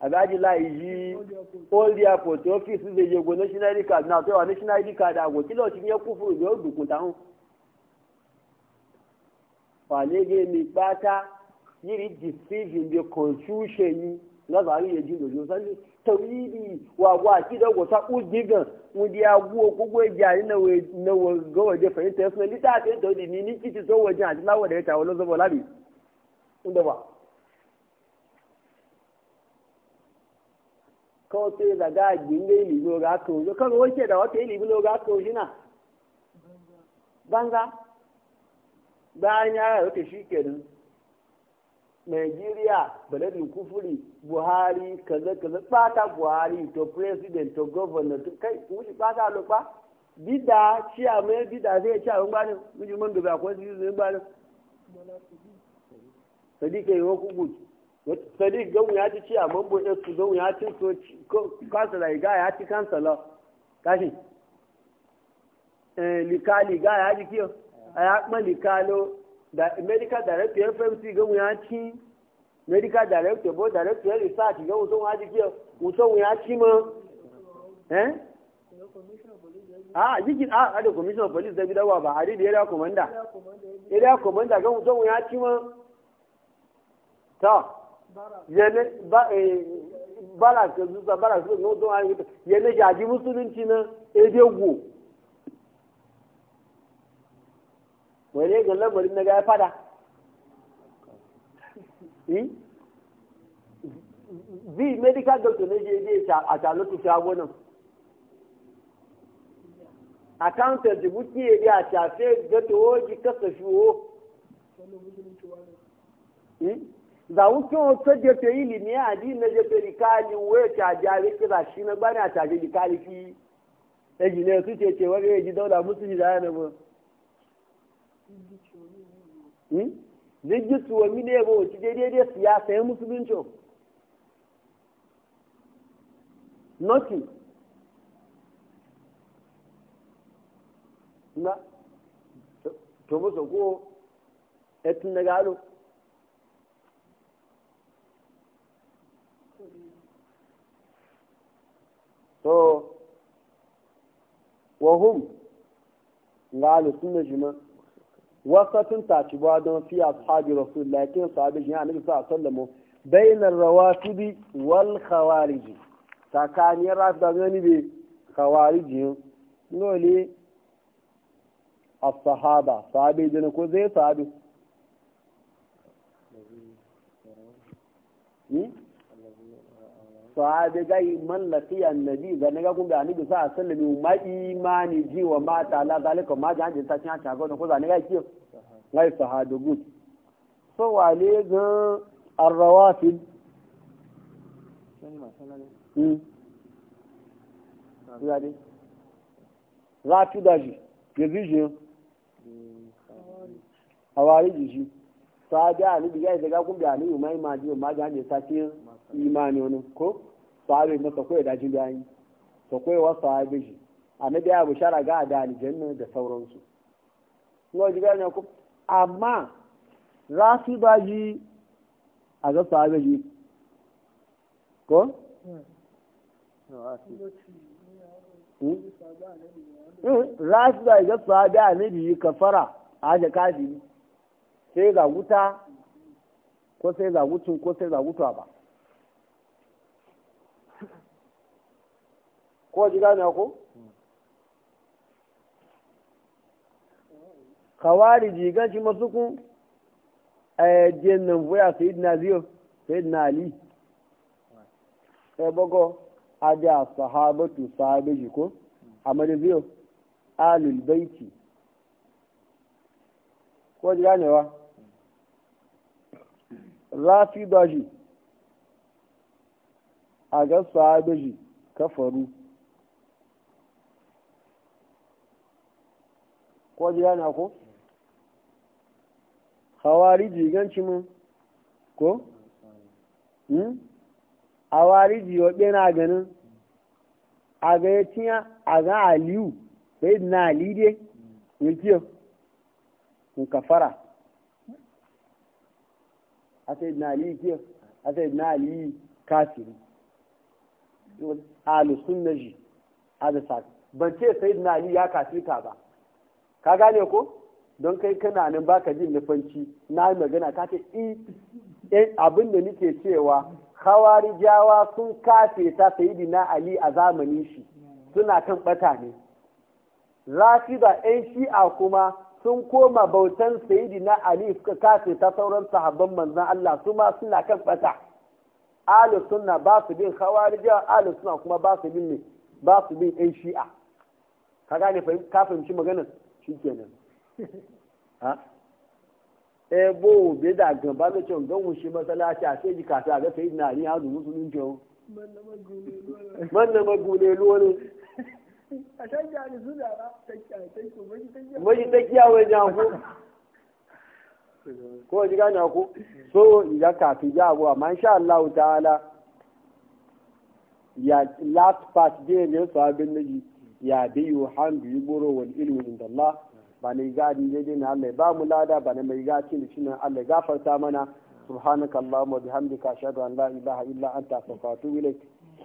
agaji láì yí old airport office lè yego national id card náà tó wà national id card àgò tí lọ́ọ̀tì yẹn kú fún ìwé òdùnkùn táwọn. fàlẹ́gẹ́ mi pátá yìí decision the confusion yìí lọ́sàá rí èjì lòdì sunday torí ibi wàwọ̀ àti ìdọ́gbọ̀ sápò gígan ń di agbó Ni ta nínú to fẹ̀yìntẹ́ ni, ni lítà àti ìtọ́jú ní ní títí tó wọ̀jẹ̀ àti láwọ̀dẹ̀ ìtàwọ̀ lọ́sọ̀bọ̀ lábì ń dọ̀bà. kawai sai da ga ginga ili no ga to yo kan wace da wata ili no ga shi na banza bayan ya shi kenan Nigeria baladin kufuri Buhari kaza kaza bata Buhari to president to governor to kai wuce bata lokpa bida ciya mai bida zai ciya mun bani mun ba zai sadiqa sadiq gan ya ci ciya mambo ya eh, su gan ya ci so kansala gaa ya ci la kashi eh, Lika, ga ya ji kiyo a ya kuma likalo da medical director fmc gan ya ci medical director bo director research gan wuso ya ji kiyo wuso ya ci ma eh? ah, ah, a jikin a ada commissioner of police da bidawa ba a da area commander commander ya ci ma ta yene ba eh bara ka zuza bara su no don ayi yene jaji musulunci na eje go wani ga lamarin na ga fada bi medical doctor ne je je a talotu shagonan accountant buki ya biya tafe ga towo ji kasa shi wo za wuce wata jefe ilimi a ji na jefe rikali waya caji a rike za shi na gbani a caji rikali fi ya e ne su ce wani ya ji daula musu ji zaya na mu su wa mine ba ya musulunci noti na to ko etin na galo so wahum ngalu alisun da jima wasatun tacibuwa don fi ashabi rasulullah kin sahabi jina annabi sallallahu alaihi wasallam bainar rawatibi wal khawariji tsakanin da gani be khawariji nole as-sahaba sahabi jina ko zai sahabi hmm? sahabi gai man lafiya nabi ga na ga da annabi sa sallami ma imani ji wa mata la zalika ma ji hanjin ta cin ta akwai ko zane ga ki gai sahabi gut so wale ga arrawafid hmm. rafida ji shi? hawari ji shi sahabi annabi gai da gagun ga annabi ma imani ji wa ma ji hanjin ta cin imani wani ko sahabe na sakwai da jin bayan sakwai wa sahabe shi annabi ya bishara ga da aljanna da sauransu ko ji gane ku amma ba ji a ga sahabe ji ko rafida hmm? ga sahabe annabi kafara a da kafi sai ga wuta ko sai za gutun ko sai za gutuwa ba ko ji gane ko kawari jigan shi masu kun eh, a nan voya sayid na ziyo sayid na ali sai eh, ajiya a da sahabatu sahabe shi ko a madaziyo alul baiti ko ji ganewa rafi da shi a ga sahabe shi kafaru ko ji gane ko hawariji ganci mu ko hmm? hawariji wa na ganin a ga ya tiya a ga aliyu sai na alide ya kiyo in kafara a sai na aliyu kiyo a sai na aliyu kafiri alusun na ji a da sa ban ce sai na aliyu ya kafirka ba ka gane ko don kai kana nan baka jin nufanci na yi magana ka ce eh, abin da nike cewa jawa sun kafe ta sayidina ali a zamanin shi suna kan bata ne rafida yan shi'a kuma sun koma bautan sayidina ali suka kafe ta sauran sahabban manzan Allah su ma suna kan bata ahlus suna ba su bin jawa ahlus suna kuma ba su bin ne ba su bin yan shi'a ka gane ka fahimci maganar shikenan ha eh bo be da gan ba lo chon gan wo shi masala ta a sai ka ta ga sai na ni hadu musulunci o man na magune lolo a shan ja ni zuda ba mai ta kiyawe jan ku ko ji ga na ku so ya ka fi ja jabo ma insha Allah ta'ala ya last part dey ne so abin ne ji ya biyu handu yi goro wani ilmi inda Allah ba na gadi daidai na Allah ba mu lada ba na mai gaci da shi na Allah gafarta mana subhanaka Allahumma bihamdika ashhadu an la ilaha illa anta astaghfiruka wa atubu